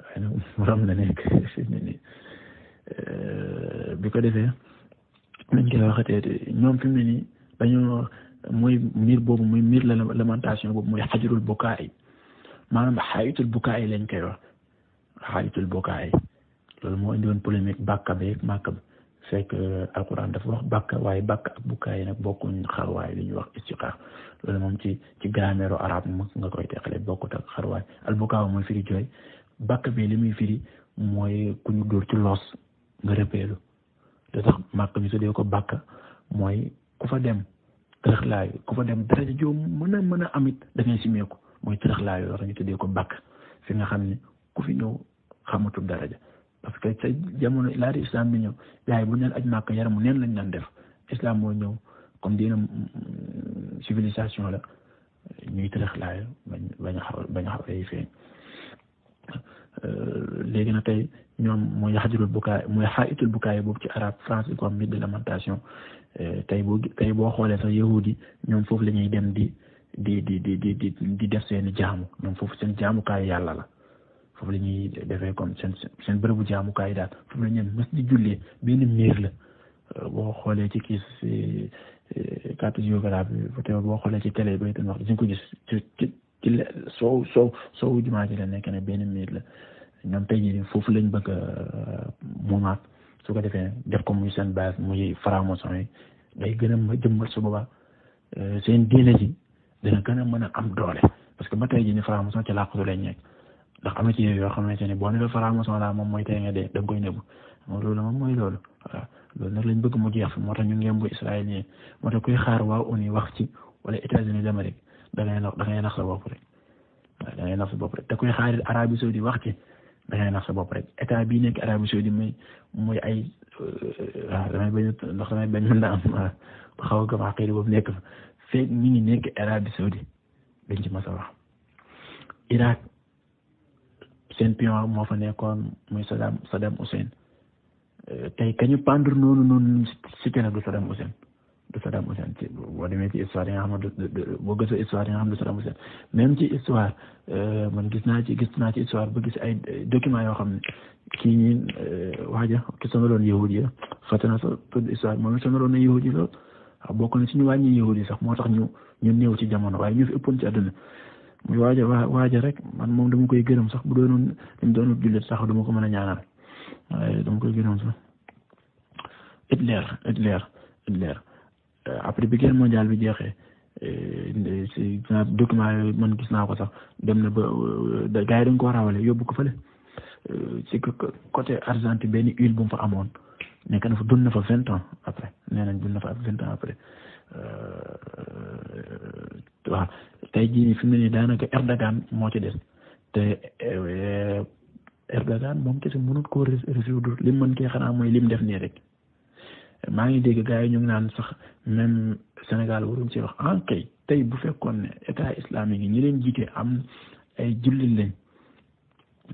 waaye nag Rome la nekk euh, bi ko defee nañ koy waxatee ñoom fi ne nii dañoo muy miir boobu muy miir la lamentation boobu mooy xajarul bukaay maanaam xaayitul bukaay lañ koy wax xaayitul bukaay loolu moo indi woon polémique bàkka beeg màkka bi dafa wax bàkka waaye bàkka ak bukaay nag bokkuñ xarwaay li ñuy wax istiqaar moom ci ci grammaire arabe moom nga koy teqale bokkut ak xarwaay albukaaw mooy firi jooy bàkka bi li muy firi mooy ku ñu ci loos nga rëppeelu da tax màkk bi tuddee ko bàkka mooy ku fa dem tërëxlaayu ku fa dem daraja joo mën a mën a amit da ngay simeeku mooy tërëxlaayu war ñu tuddee ko bakk fi nga xam ne ku fi ñëw xamatul daraja parce que ca jamono laata islam bi ñëw yaay bu neen aj màkk yaramu neen lañ daan def islam moo ñëw comme dina civilisation la ñuy tërëxlaayu bañ xaw bañ xaw ay feeñ euh, léegi na tey ñoom mooy yaxajurul bukaay mooy xaayitul bukaay boobu ci arabe France bi ko am mi de lamentation Euh, tey boo tey boo xoolee sax yahud yi ñoom foofu la ñuy dem di di di di di di di def seen jaamu ñoom foofu seen jaamukaayu yàlla la foofu la ñuy defee comme seen seen bërëbu jaamukaay daal foofu la ñuy mës di jullee benn miir la euh, boo xoolee ci kii si euh, carte géographie boo xoolee ci télé bay wax di ko gis ci ci ci soow soow ji la nekk ne benn miir la ñoom tey jii foofu lañ bëgg a moomaat su ko defee def ko muy seen base muy franc-maçon yi day gën a jëmmal su boobaa seen diine ji dina gën a mën a am doole parce que ba tey ji ni franc-maçon ci làqatu lañ nekk ndax am na ci yoo xamante ne boo ne la franc-maçon laa moom mooy tey nga dee da nga koy nebu moom loolu moom mooy loolu waaw loolu nag lañ bëgg mu jeex moo tax ñu ngeen bu Israël yi moo tax kuy xaar waa uni wax ci wala États-Unis d'Amérique da ngay nax da ngay nax sa bopp rek waaw da ngay nax sa bopp rek te kuy xaar Arabie saoudi wax ci da ngay nax sa bopp rek état bii nekk Arabie Saoudite mooy mooy ay euh, waaw damay bañ ndax damay bañ mën naa xaw a ko wax xëy boobu nekk fa feeg ñi ngi nekk Arabie Saoudite dañ ci mas a wax Irak seen pion moo fa nekkoon muy Saddam Saddam Hussein euh, tey kañu pandr noonu noonu cité na du Saddam Hussein du Saddam Hussein ci boo demee ci histoire yi nga xam ne boo gëstoo histoire yi nga xam même ci histoire euh, man gis naa ci gis naa ci histoire ba gis ay documents yoo xam ne kii ñi euh, waaja ki sonaloon yahud yi fàtte naa sax tudd histoire moom it sonaloon na yahud yi lool ah, bokk na ci ñu wàññi yahud yi sax moo tax ñu ñu néew ci jamono waaye ñu fi ëppoon ci àdduna muy waaja waaja rek man moom dama koy gërëm sax bu doonoon lim doonul jullit sax dama ko mën a ñaanal waaye dama koy gërëm sax Hitler Hitler Hitler Euh, après bi guerre mondiale bi jeexee si euh, document yooyu man gis naa ko sax dem na ba euh, gars yi dañ ko rawale yóbbu ko fële si côté Argentine benn île bum fa amoon nekk na fa dund na fa vingt ans après nee nañ dund na fa vingt ans après waaw tey jii nii fi mu ne daanaka Erdogan moo ci des te Erdogan moom kese ko koo résoudre lim mën kee xanaa mooy lim def nii rek. maa ngi dégg gars yi ñu ngi naan sax même Sénégal waruñ ci wax en ah, kay tey bu fekkoon ne état islamique yi ñi leen jiite am ay jullit lañ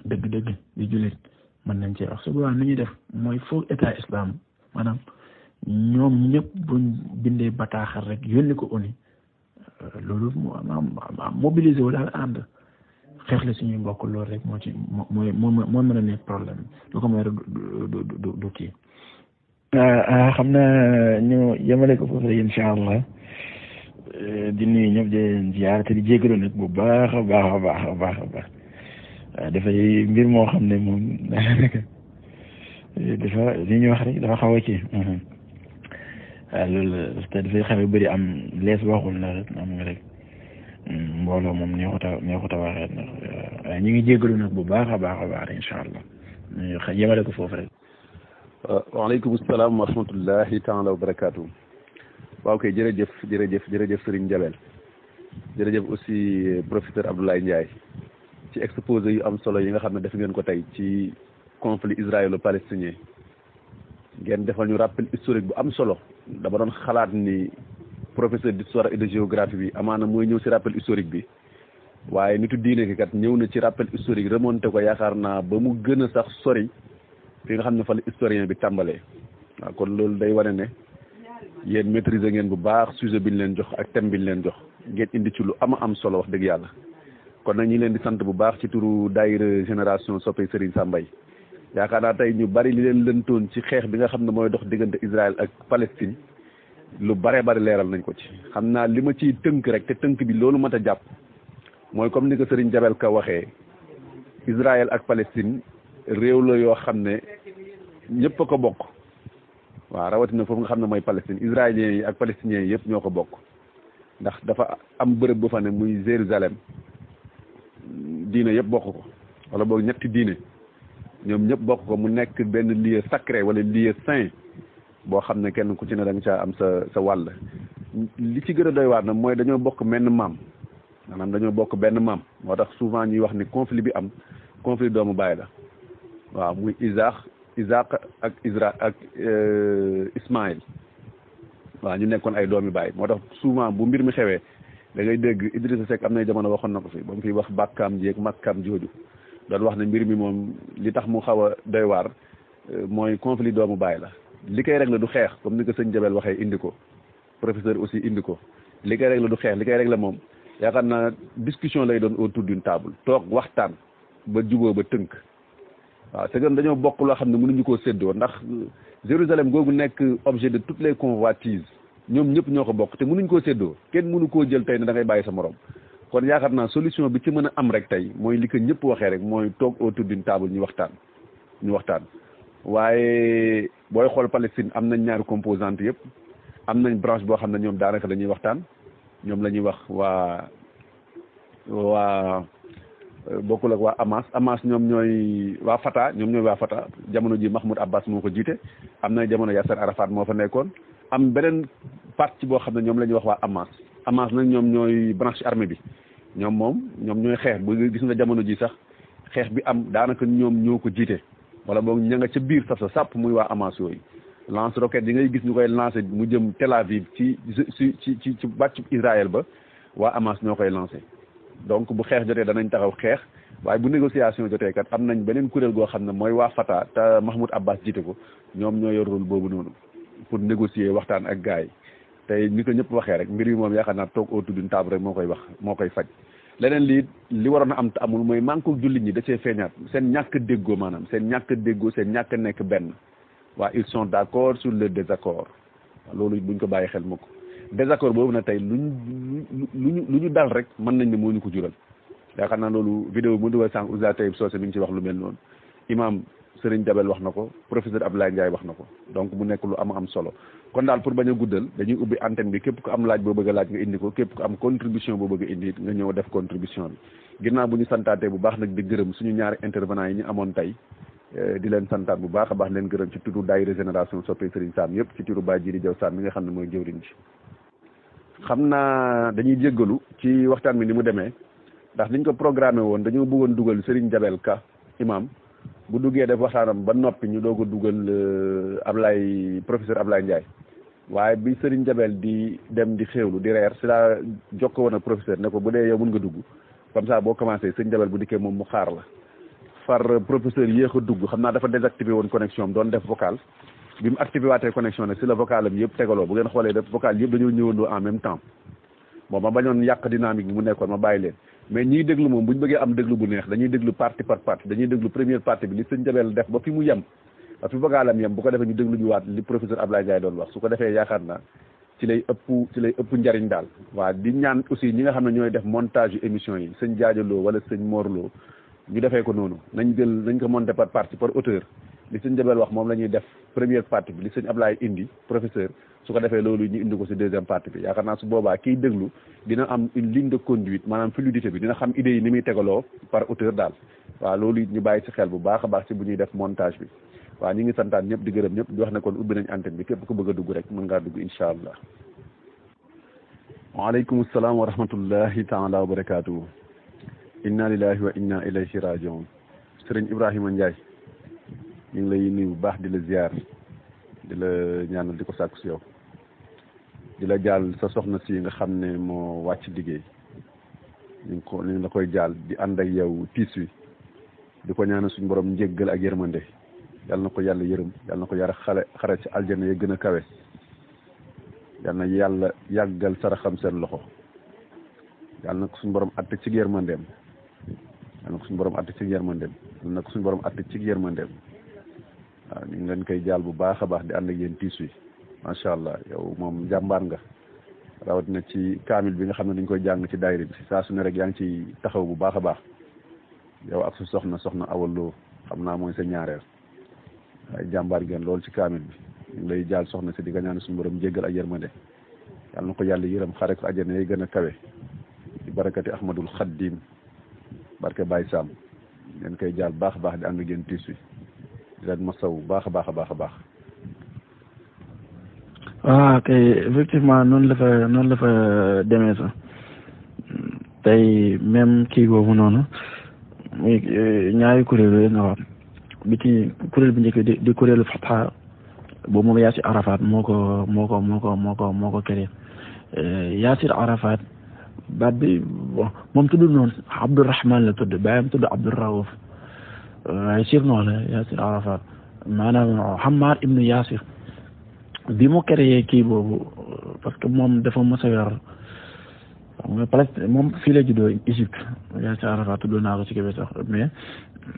dëgg-dëgg di jullit mën nañ cee wax su boobaa ni ñuy def mooy foog état islam maanaam ñoom ñëpp buñ bindee bataaxal rek yónni ko ONU euh, loolu maanaam mobiliser wu daal ànd xeex la suñuy mbokk loolu rek moo ci mooy moo moo mën a nekk problème lu ko may du du du du kii. Ah, ah xam naa ñu yemale ko foofu incha allah eh, di nuyu ñëpp di leen ziar te di jégalu nag bu baax a baax a baax a baax a baax waaw ah, dafay mbir moo xam ne moom daanaka dafa li ñuy wax rek dafa xaw a ci waaw mm-hmm. ah, loolu te dafay xamee bari am lees waxul na rek am nga mm, mbooloo moom neexut a neexut a waxee ñu ngi jégalu nag bu baax a baax a baax incha allah
yemale ko foofu rek. Uh, waaleykum salaam wa rahmatullahi taala wa barakaatu waaw kay jërëjëf jërëjëf jërëjëf Serigne Jabel jërëjëf aussi euh, professeur Abdoulaye Ndiaye ci exposé yu am solo yi nga xam ne def ngeen ko tey ci conflit israélo-palestinien ngeen defal ñu rappel historique bu am solo dama doon xalaat ni professeur d'histoire et de géographie bi amaana mooy ñëw si rappel historique bi waaye nitu diine ki kat ñëw na ci rappel historique remonté ko yaakaar naa ba mu gën a sax sori fi nga xam ne fa la historien bi tàmbalee waaw kon loolu day wane ne yéen maîtriser ngeen bu baax sujet bi ñu leen jox ak thème bi ñu leen jox ngeen indi ci lu am am solo wax dëgg yàlla kon nañ ñi leen di sant bu baax ci turu daayira génération soppe Serigne Samba yi yaakaar naa tey ñu bari li leen lëntoon ci xeex bi nga xam ne mooy dox diggante Israël ak Palestine lu bare bari leeral nañ ko ci xam naa li ma ciy tënk rek te tënk bi loolu mat a jàpp mooy comme ni ko Serigne Jabel Ka waxee Israël ak réew la yoo xam ne ñëpp a ko bokk waaw rawatina foofu nga xam ne mooy Palestine israéliens yi ak palestiniens yi yëpp ñoo ko bokk ndax dafa am bërëb bu fa ne muy Jérusalem diine yëpp bokk ko wala boog ñetti diine ñoom ñëpp bokk ko mu nekk benn lieu sacré wala lieu saint boo xam ne kenn ku ci ne da nga am sa sa wàll li ci gën a doy waar nag mooy dañoo bokk benn maam maanaam dañoo bokk benn maam moo tax souvent ñuy wax ni conflit bi am conflit doomu baay la waaw muy Isaax Isaax ak Isra ak euh, Ismaïl waaw ñu nekkoon ay doomi baay moo tax souvent bu mbir mi xewee da ngay dégg Idrissa Seck am na jamono waxoon na ko fi ba mu fiy wax bàkkaam jéeg màkkaam jooju doon wax ne mbir mi moom li tax mu xaw a doy waar euh, mooy conflit doomu baay la li koy régler du xeex comme ni ko sëñ Jabel waxee indi ko professeur aussi indi ko li koy régler du xeex li koy la moom yaakaar naa discussion lay doon autour d'une table toog waxtaan ba juboo ba tënk waa c'est dañoo bokk loo xam ne mënuñu koo séddoo ndax Jérusalem googu nekk objet de toutes les convoitises ñoom ñëpp ñoo ko bokk te mënuñ koo séddoo kenn mënu koo jël tey ne da bàyyi sa morom kon yaakaar naa solution bi ci mën a am rek tey mooy li ko ñëpp waxee rek mooy toog autour d'une table ñu waxtaan ñu waxtaan waaye booy xool Palestine am nañ ñaari composante yëpp am nañ branche boo xam ne ñoom daanaka dañuy waxtaan ñoom la ñuy wax waa waa bokkul ak waa Hamas Hamas ñoom ñooy waa Fatah ñoom ñooy waa Fatah jamono ji Mahmoud Abbas moo ko jiite am na jamono Yasser Arafat moo fa nekkoon am beneen parti boo xam ne ñoom la ñuy wax waa Hamas Hamas nag ñoom ñooy branche armée bi ñoom moom ñoom ñooy xeex bu gis nga jamono ji sax xeex bi am daanaka ñoom ñoo ko jiite wala boog ña nga ca biir saf sa sàpp muy waa Hamas yooyu lance roquette yi ngay gis nu koy lancé mu jëm Tel Aviv ci ci ci ci ci bàccu Israël ba waa Hamas ñoo koy lancé donc bu xeex jotee danañ taxaw xeex waaye bu négociation jotee kat am nañ beneen kuréel goo xam ne mooy waa Fata te Mahmoud Abbas jiite ko ñoom ñoo yor rôle boobu noonu pour négocier waxtaan ak gars yi tey ni ko ñëpp waxee rek mbir yi moom yaakaar naa toog autour d'une table rek moo koy wax moo koy faj. leneen lii li waroon a am te amul mooy manko jullit ñi da cee feeñaat seen ñàkk déggoo maanaam seen ñàkk déggoo seen ñàkk nekk benn waa ils sont d'accord sur le désaccord loolu buñ ko bàyyi xel mukk désaccord boobu na tey luñ luñu lu ñu dal rek mën nañ ne moo ñu ko jural yaakaar naa loolu vidéo mu dugal sànq Ousa Tayib Socé mi ngi ci wax lu mel noonu imam Serigne Jabel wax na ko professeur Abdoulaye Ndiaye wax na ko donc mu nekk lu am am solo kon daal pour bañ a guddal dañuy ubbi antenne bi képp ku am laaj boo bëgg laaj nga indi ko képp ku am contribution boo bëgg a indi nga ñëw def contribution bi ginnaaw bu ñu santaatee bu baax nag di gërëm suñu ñaari intervenant yi ñu amoon tey eh, di leen bu baax a baax leen gërëm ci turu daayira génération soppee mooy jëwriñ xam naa dañuy jéggalu ci waxtaan bi ni mu demee ndax dañ ko programmé woon dañoo bëggoon dugal Serigne Jabel Ka imam bu duggee def waxtaanam ba noppi ñu doog a dugal euh, Ablaye professeur Ablaye Ndiaye waaye bi sëriñ Jabel di dem di xéewlu di reer si laa jokko woon ak professeur ne ko bu dee yow mun nga dugg comme ça boo commencé Serigne Jabel bu dikkee moom mu xaar la far professeur yéex a dugg xam naa dafa désactivé woon connexion am doon def vocal bim mu activé waatee connexion nag si la vocal am yëpp tegaloo bu ngeen xolé def vocal yëpp dañu ñëwëndo en même temps bon ma bañon yak dynamique bi mu nekkon ma bayilé mais ñi déglu mom bu ñu am déglu bu neex dañuy déglu parti par parti dañuy déglu première partie bi li sëñ Jabel def ba fi mu yam ba fi vocal yam bu ko défé ñu déglu ñu waat li professeur Ablaye gay doon wax su ko défé yaakaar ci lay ëpp ci lay ëpp njariñ dal wa di ñaan aussi ñi nga xam ñoy def montage émission yi sëñ jaajaloo wala sëñ morlo ñu défé ko nonu nañ jël nañ ko monter par parti par auteur li sëñ Jabel wax mom lañuy def première partie bi li sëñ Ablaye indi professeur su ko defé lolu ñu indi ko ci deuxième partie bi yaakaar naa su boba ki ini dina am une ligne de conduite manam fluidité bi dina xam idée yi ni muy tégalo par auteur dal wa lolu ñu bayyi ci xel bu baaxa baax ci bu ñuy def montage bi wa ñi ngi santane ñep di gëreem ñep di wax ne kon ubbi nañ antenne bi képp ku bëgg dugg rek mën nga dugg inshallah wa alaykum assalam wa rahmatullahi taala wa innalillahi inna lillahi wa inna ilayhi rajiun. sering Ibrahima Ndiaye ñu ngi lay nuyu baax di la ziar di la ñaanal di ko sàkku si yow di la jaal sa soxna si nga xam ne moo wàcc liggéey ñu ko ñu la koy jaal di ànd ak yow tiis wi di ko ñaanal suñu borom njéggal ak yërmande yàlla na ko yàlla yërëm yàlla na ko yàlla xale xare ci aljana ya gën a kawe yàlla na yàlla yàggal saraxam seen loxo yàlla na ko suñu borom atte ci yërmandeem yàlla na ko suñu borom atte ci yërmandeem yàlla na ko suñu borom atte ci yërmandeem waaw ñu ngi leen koy jaal bu baax a baax di ànd ak yéen tiis wi macha allah yow moom jàmbaar nga na ci kaamil bi nga xam ne dañ koy jàng ci daayira bi saa su ne rek yaa ngi ci taxaw bu baax a baax yow ak su soxna soxna awaloo xam naa mooy sa ñaareel waaye jàmbaar ngeen loolu ci kaamil bi ñu ngi lay jaal soxna si di nga ñaan suñu borom jéggal ak yërmande yàlla na ko yàlla yërëm xare ko àjjana yi gën a kawe ci barakati ahmadul xaddim barke Baye Sam ngeen koy jaal baax a baax di ànd ak yéen tiis wi di leen masawu baax a baax a baax baax.
waaw ah, effectivement noonu laf fa noonu la fa demee sax même kii noonu muy euh, ñaari kuréel yooyu nga wax bi ci kuréel bi njëkk di di kuréelu Fatah boobu moom moo ko moo ko moo ko moo ko moo ko créé euh, Yassir Arafat baat bi bon moom tudd noonu Abdourahman la tudd baayam tudd Abdouraouf Yaasir noonu Yaasir Arafat maanaam Hammaar ibnu Yaasir bi mu créé kii boobu parce que moom dafa mos a xam nga Palestine moom fii la juddoo Égypte Yaasir Arafat tudd naa ci Québec sax mais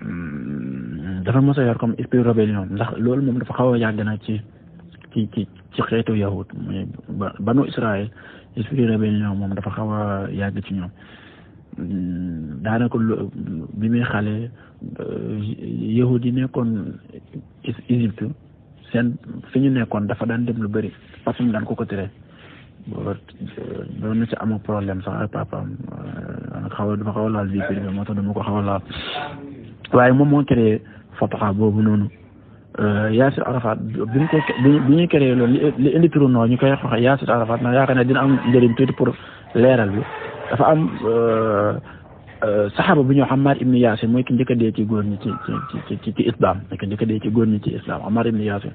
mm, dafa mos a comme esprit rébellion ndax loolu moom dafa xaw a yàgg na ci ci ci ci xeetu yahud muy banu Israël esprit rébellion moom dafa xaw a yàgg ci ñoom mm, daanaka bi muy xale. Euh, yahud yi nekkoon Égypte seen fi ñu nekkoon dafa daan dem lu bëri parce que ñu daan ko ko tere euh, doon amoo problème sax ak papaam euh, xaw a xaw laal vie privée ko xaw a laal moom moo créé boobu noonu Yaasir Arafat bi ñu ko bi ñu créé loolu li indi turu noo ñu koy wax Yaasir Arafat ndax yaakaar ne dina am njëriñ tuuti pour leeral bi dafa am. Euh, saxaaba bu ñoo Ammar ibn Yaasir mooy ki njëkk a dee ci góor ñi ci ci ci ci mooy ki njëkk dee ci góor ñi ci islam Ammar ibn Yaasir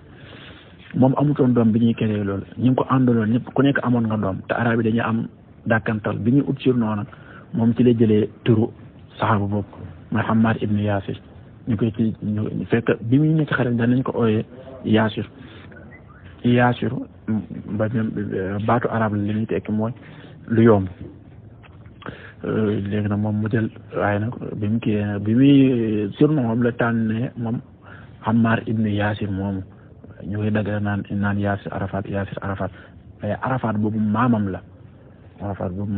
moom amutoon doom bi ñuy créé loolu ñu ko àndaloon ñëpp ku nekk amoon nga doom te arab yi dañuy am dàkkantal bi ñuy ut surnom nag moom ci la jëlee turu saxaaba boobu mooy Ammar ibn Yaasir ñu koy ci ñu fekk bi muy nekk xarit danañ ko ooyee Yaasir Yaasir mm, baatu arab la li muy tekki mooy lu yomb. léegi na moom mu jël waaye nag bi mu kii bi muy surnom moom la tànn moom Ammar ibn Yasir moomu ñu koy naan naan Yasir Arafat Yasir Arafat mais boobu maamam la Arafat boobu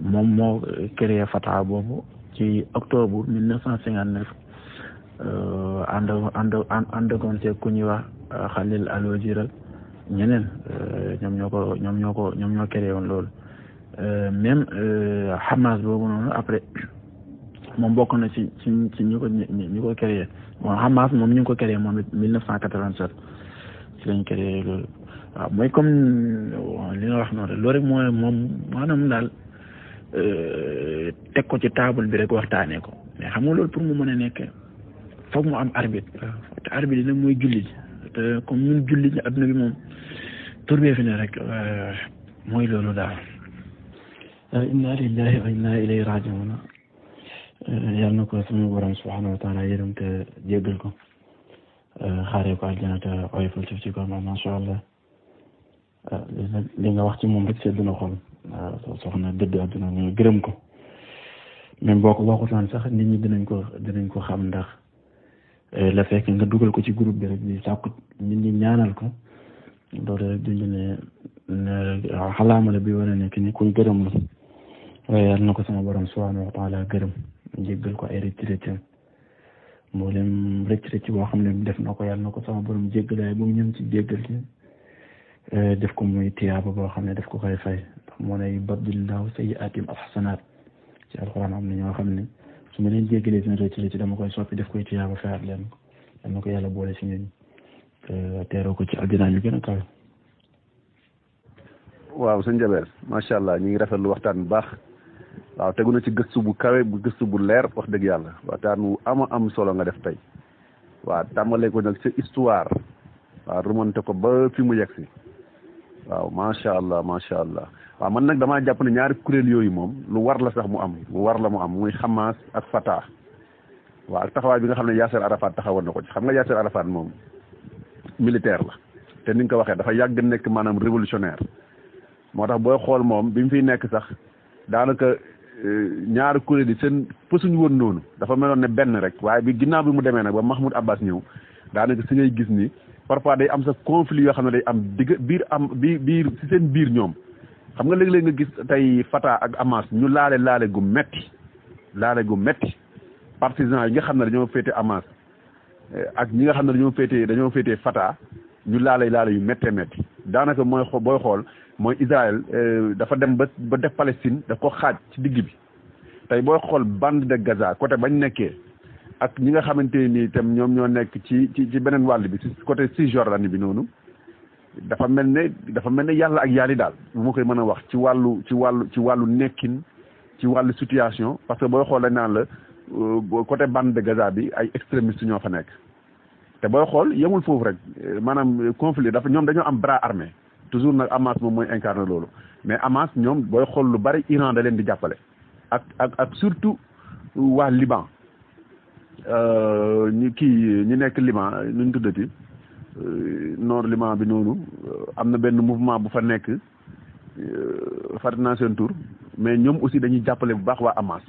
moom moo créé Fatah boobu ci octobre mille neuf cent cinquante neuf euh, ànd ànd àndagoon seeg ku ñuy wax euh, Khalil al ñeneen euh, ñoom ñoo ko ñoom ñoo ko ñoom ñoo créé woon loolu. Euh, même euh, Hamas boobu noonu après moom bokk na ci ci ci ñu ko ñu ko créé moom Hamas moom ñu ngi ko créé moom it mille neuf cent quatre-vingt-sept ci lañ créé loolu waaw mooy comme li nga wax noonu loolu rek mooy moom maanaam daal euh, teg ko ci table bi rek waxtaanee ko mais xam mu mën nekk foog mu am arbitre te arbitre nag mooy jullit te comme ñun jullit ñi bi moom tur bee fi ne rek mooy loolu daal inna lillahi wa inna ilayhi raji'un yal na ko suñu borom subhanahu wa taala yërëm te jéggal ko xaaree ko àjjana te oyofal ci ko ma masha Allah li nga wax ci moom rek sedd na xol soxna dëdd àdduna ñu gërëm ko même boo ko waxutoon sax nit ñi dinañ ko dinañ ko xam ndax la fekk nga dugal ko ci groupe bi rek di nit ñi ñaanal ko loolu rek duñu xalaama la bi wane ne ki yàlla na ko sama borom subhanahu wa taala gërëm jéggal ko ay retraité mboolem retraité boo xam ne def na ko yàlla na ko sama borom jéggalaay bu mu ñëm ci jéggal ci def ko muy tiyaaba boo xam ne def ko koy fay ndax moo ne baddillahu sayyi'aatim ahsanaat ci alxuraan am na ñoo xam ne su ma leen jéggalee seen retraité dama koy soppi def koy tiyaaba fayaat leen ko yàlla na ko yàlla boole si ñun teeroo ko ci àddina ñu gën a kawe
waaw sëñ Jabeer macha allah ñu ngi rafetlu waxtaan bu baax waaw tegu na ci gëstu bu kawe bu gëstu bu leer wax dëgg yàlla waxtaan wu ama am solo nga def tey waaw tàmbalee ko nag ci histoire waa remonté ko ba fi mu yegg si waaw macha allah macha allah waaw mën nag damaa jàpp ne ñaari kuréel yooyu moom lu war la sax mu am lu war la mu am muy Hamas ak Fatah waa ak taxawaay bi nga xam ne Yasser Arafat taxawoon na ko xam nga Yasser Arafat moom militaire la te ni nga ko waxee dafa yàgg nekk maanaam révolutionnaire ñaari kuréel yi seen pësuñu woon noonu dafa meloon ne benn rek waaye bi ginnaaw bi mu demee nag ba Mahmoud Abbas ñëw daanaka si ngay gis ni parfois day am sa conflit yoo xam ne day am digg biir am bi biir si seen biir ñoom xam nga léeg-léeg nga gis tey fata ak Hamas ñu laale laale gu metti laale gu metti partisans yi nga xam ne dañoo féete Hamas eh, ak ñi nga xam ne dañoo féete dañoo féete Fatah ñu laale laale yu méttee métti daanaka mooy booy xool mooy Israël euh, dafa dem ba ba def Palestine daf ko xaaj ci digg bi tey booy xool bande de Gaza côté bañ nekkee ak ñi nga xamante nii itam ñoom ñoo nekk ci ci ci beneen wàll bi ci côté Cisjordanie bi noonu dafa mel ne dafa mel ni yàlla ak yàlli daal bu ma koy mën a wax ci wàllu ci wàllu ci wàllu nekkin ci wàllu situation parce que booy xool dañ naan la euh, côté bande de Gaza bi ay extrémistes ñoo fa nekk te booy xool yemul foofu rek euh, maanaam conflit dafa ñoom dañoo am bras armé toujours nag Amas moom incarné mais Hamas nous boy xol lu bari Iran da len di ak surtout Liban Nous euh, ki ñu nek Liban ñu tuddati euh, nord Liban bi euh, mouvement bu fa nek euh mais ñom aussi dañuy jappalé bu baax wa Hamas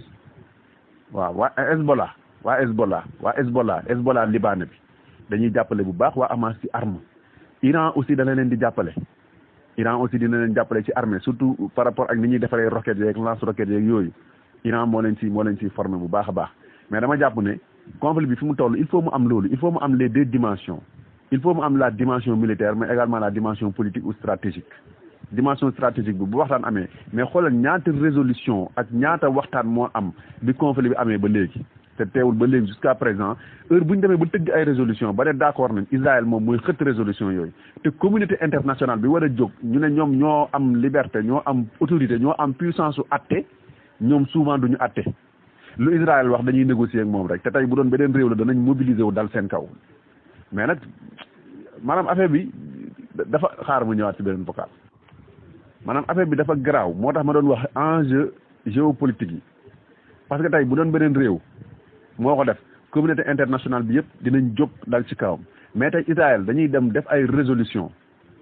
wa Hezbollah wa Hezbollah wa Hezbollah Liban bi dañuy jappalé bu baax wa Iran aussi Iran aussi dina aussi jàppale ci armée surtout par rapport ak ni défaré defaree roquettes ak lance roquettes ak yoy Iran mo leen ci mo leen ci formé bu baax mais dama japp né conflit bi fimu tollu il faut mu am lolu il faut mu am les deux dimensions il faut mu am la dimension militaire mais également la dimension politique ou stratégique dimension stratégique vous bu waxtaan amé mais xoolal ñaata résolution ak ñaata waxtaan mo am bi conflit bi amé ba légui te teewul ba léegi jusqu'à présent heure bu ñu demee ba tëgg ay résolution ba ne d'accord nañ Israël moom mooy xëtt résolution yooyu te communauté internationale bi war a jóg ñu ne ñoom ñoo am liberté ñoo am autorité ñoo am puissance su atte ñoom souvent duñu atte lu Israël wax dañuy négocier ak moom rek te tey bu doon beneen réew la danañ mobiliser wu dal seen kaw mais nag maanaam affaire bi dafa xaar mu ñëwaat ci beneen vocal maanaam affaire bi dafa garaaw moo tax ma doon wax enjeu géopolitique yi parce que tey bu doon beneen réew moo ko def communauté internationale bi yëpp dinañ jóg dal ci kawam mais tey Israël dañuy dem def ay résolution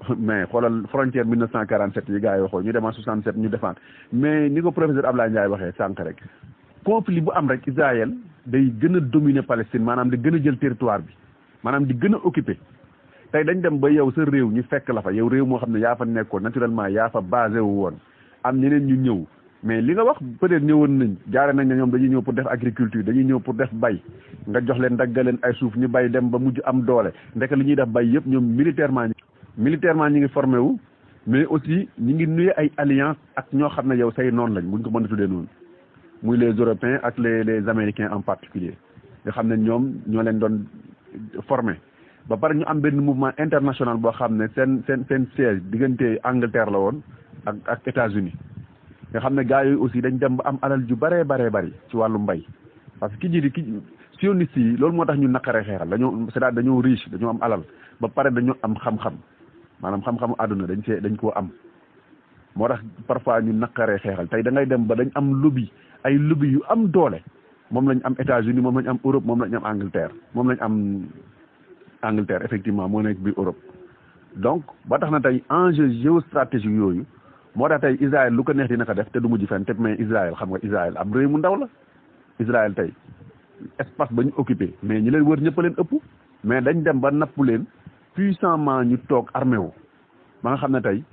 mais xoolal frontière 1947 yi gars yi waxoo ñu demaat 67 ñu defaat mais ni ko professeur Abdoulaye Ndiaye waxee sànq rek conflit bu am rek Israël day gën a dominer Palestine maanaam di gën a jël territoire bi maanaam di gën a occupé tey dañ dem ba yow sa réew ñu fekk la fa yow réew moo xam ne yaa fa nekkoon naturellement yaa fa basé wu woon am ñeneen ñu ñëw mais li nga wax peut-être ñëwoon nañ jaare nañ ne ñoom dañuy ñëw pour def agriculture dañuy ñëw pour def bay nga jox leen dagga leen ay suuf ñu bay dem ba mujj am doole ndek li ñuy def bay yépp ñoom militairement militairement ñi ngi formé wu mais aussi ñi ngi nuyé ay alliance ak ñoo xam ne yow say noonu lañ buñ ko mën a tuddee noonu muy les européens ak les les américains en particulier nga xam ne ñoom ñoo leen doon formé ba pare ñu am benn mouvement international boo xam ne seen seen seen siège diggante Angleterre la woon ak ak États-Unis nga xam ne gars yooyu aussi dañ dem ba am alal yu bare baree bari ci wàllu mbay parce que ki ji ki sioniste yi loolu moo tax ñu naqare xeexal dañoo c'est-à-dire dañoo riche dañoo am alal ba pare dañoo am xam-xam maanaam xam-xamu àdduna dañ see dañ koo am moo tax parfois ñu naqaree xeexal tey da ngay dem ba dañ am lobby ay lobby yu am doole moom lañ am États-Unis moom lañ am Europe moom lañ am Angleterre moom lañ am Angleterre effectivement moo nekk biir Europe donc ba tax na tey enjeu géostratégique yooyu moo tax tey Israël lu ko neex na ka def te du mujj fenn te mais Israël xam nga Israël ab réew mu ndaw la Israël tey espace ba ñu occupé mais ñi leen wër ñëpp leen ëpp mais dañ dem ba napp leen puissamment ñu toog armé wu ba nga xam ne tey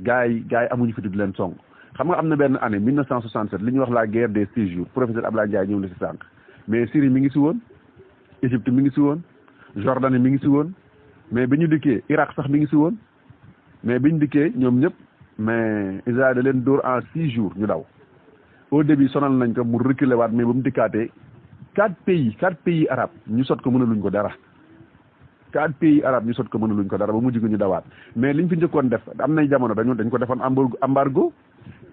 gaa yi gars yi amuñu fi di leen song xam nga am na benn année 1967 li ñuy wax la guerre des six jours professeur Abdoulaye Ndiaye ñëw na si sànq mais Syrie mi ngi si woon Égypte mi ngi si woon Jordanie mi ngi si woon mais bi ñu dikkee Irak sax mi ngi si woon mais bi ñu dikkee ñoom ñëpp mais Israël da leen door en six jours ñu daw o début sonal nañ ko mu reculer waat mais ba mu dikkaatee quatre pays quatre pays arabes ñu sot ko mënaluñ ko dara quatre pays arabes ñu sot ko luñ ko dara ba mujj ko ñu dawaat mais liñ fi njëkkoon def am nay jamono dañu dañ ko defoon embargo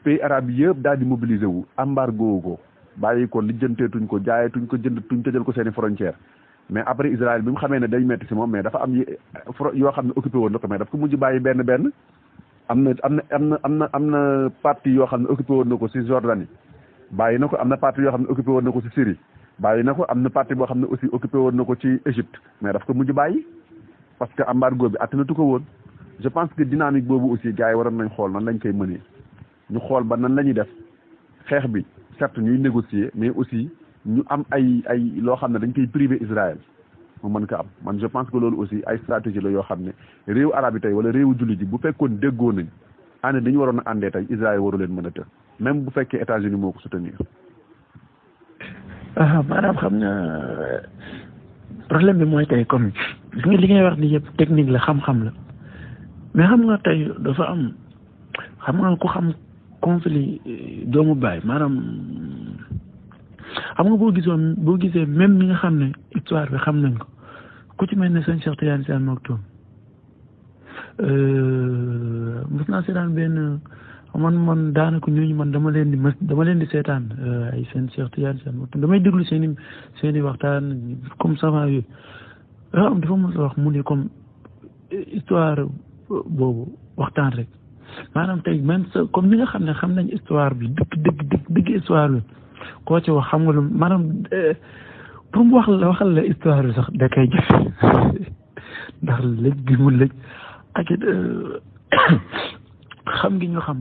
pays arabes yëpp daal di mobiliser wu embargo ko bàyyi ko lijjanteetuñ ko jaayetuñ ko jëndatuñ tëjal ko seeni frontière mais après Israël bi mu xamee ne day metti moom mais dafa am yoo xam ne woon na ko mais daf ko mujj bàyyi benn benn am na am na am na am na am na parti yoo xam ne occupé woon na ko si Jordanie bàyyi na ko am na parti yoo xam ne occupé woon na ko si Syrie bàyyi na ko am na parti boo xam ne aussi occupé woon na ko ci Égypte mais daf ko mujj bàyyi parce que embargo bi attanatu ko woon je pense que dynamique boobu aussi gars yi waroon nañ xool nan lañ koy mënee ñu xool ba nan la ñuy def xeex bi certes ñuy négocier mais aussi ñu am ay ay loo xam ne dañ koy privé Israël mu mën ko am man je pense que loolu aussi ay stratégie la yoo xam ne réew arab yi tey wala réewu jullit ji bu fekkoon déggoo nañ ànd dañu waroon a àndee tey Israël waru leen mën a të même bu fekkee États-Unis moo ko soutenir.
ah maanaam xam na problème bi mooy tey comme li ngay wax nii yëpp technique la xam-xam la mais xam nga tey dafa am xam nga ku xam conflit eh, doomu baay maanaam. xam nga boo gisoon boo gisee même ñi nga xam ne histoire bi xam nañ ko ku ci mel ne seen Cheikh Tidiane Sy Al Maktoum euh, mës naa seetaan benn man man daanaka ñooñu man dama leen di dama leen di seetaan euh, ay seen Cheikh Tidiane Sy Al damay déglu seen seeni waxtaan comme ça yi yooyu am dafa mos a wax mu ni comme histoire boobu waxtaan rek maanaam tey même comme ñi nga xam ne xam nañ histoire bi dëgg dëgg dëgg dëgg histoire bi. koo ci wax xam nga lu maanaam euh, pour mu wax la waxal la histoire bi sax da koy jafe ndax lëj bi mu lëj ak it euh, xam ngi ñu xam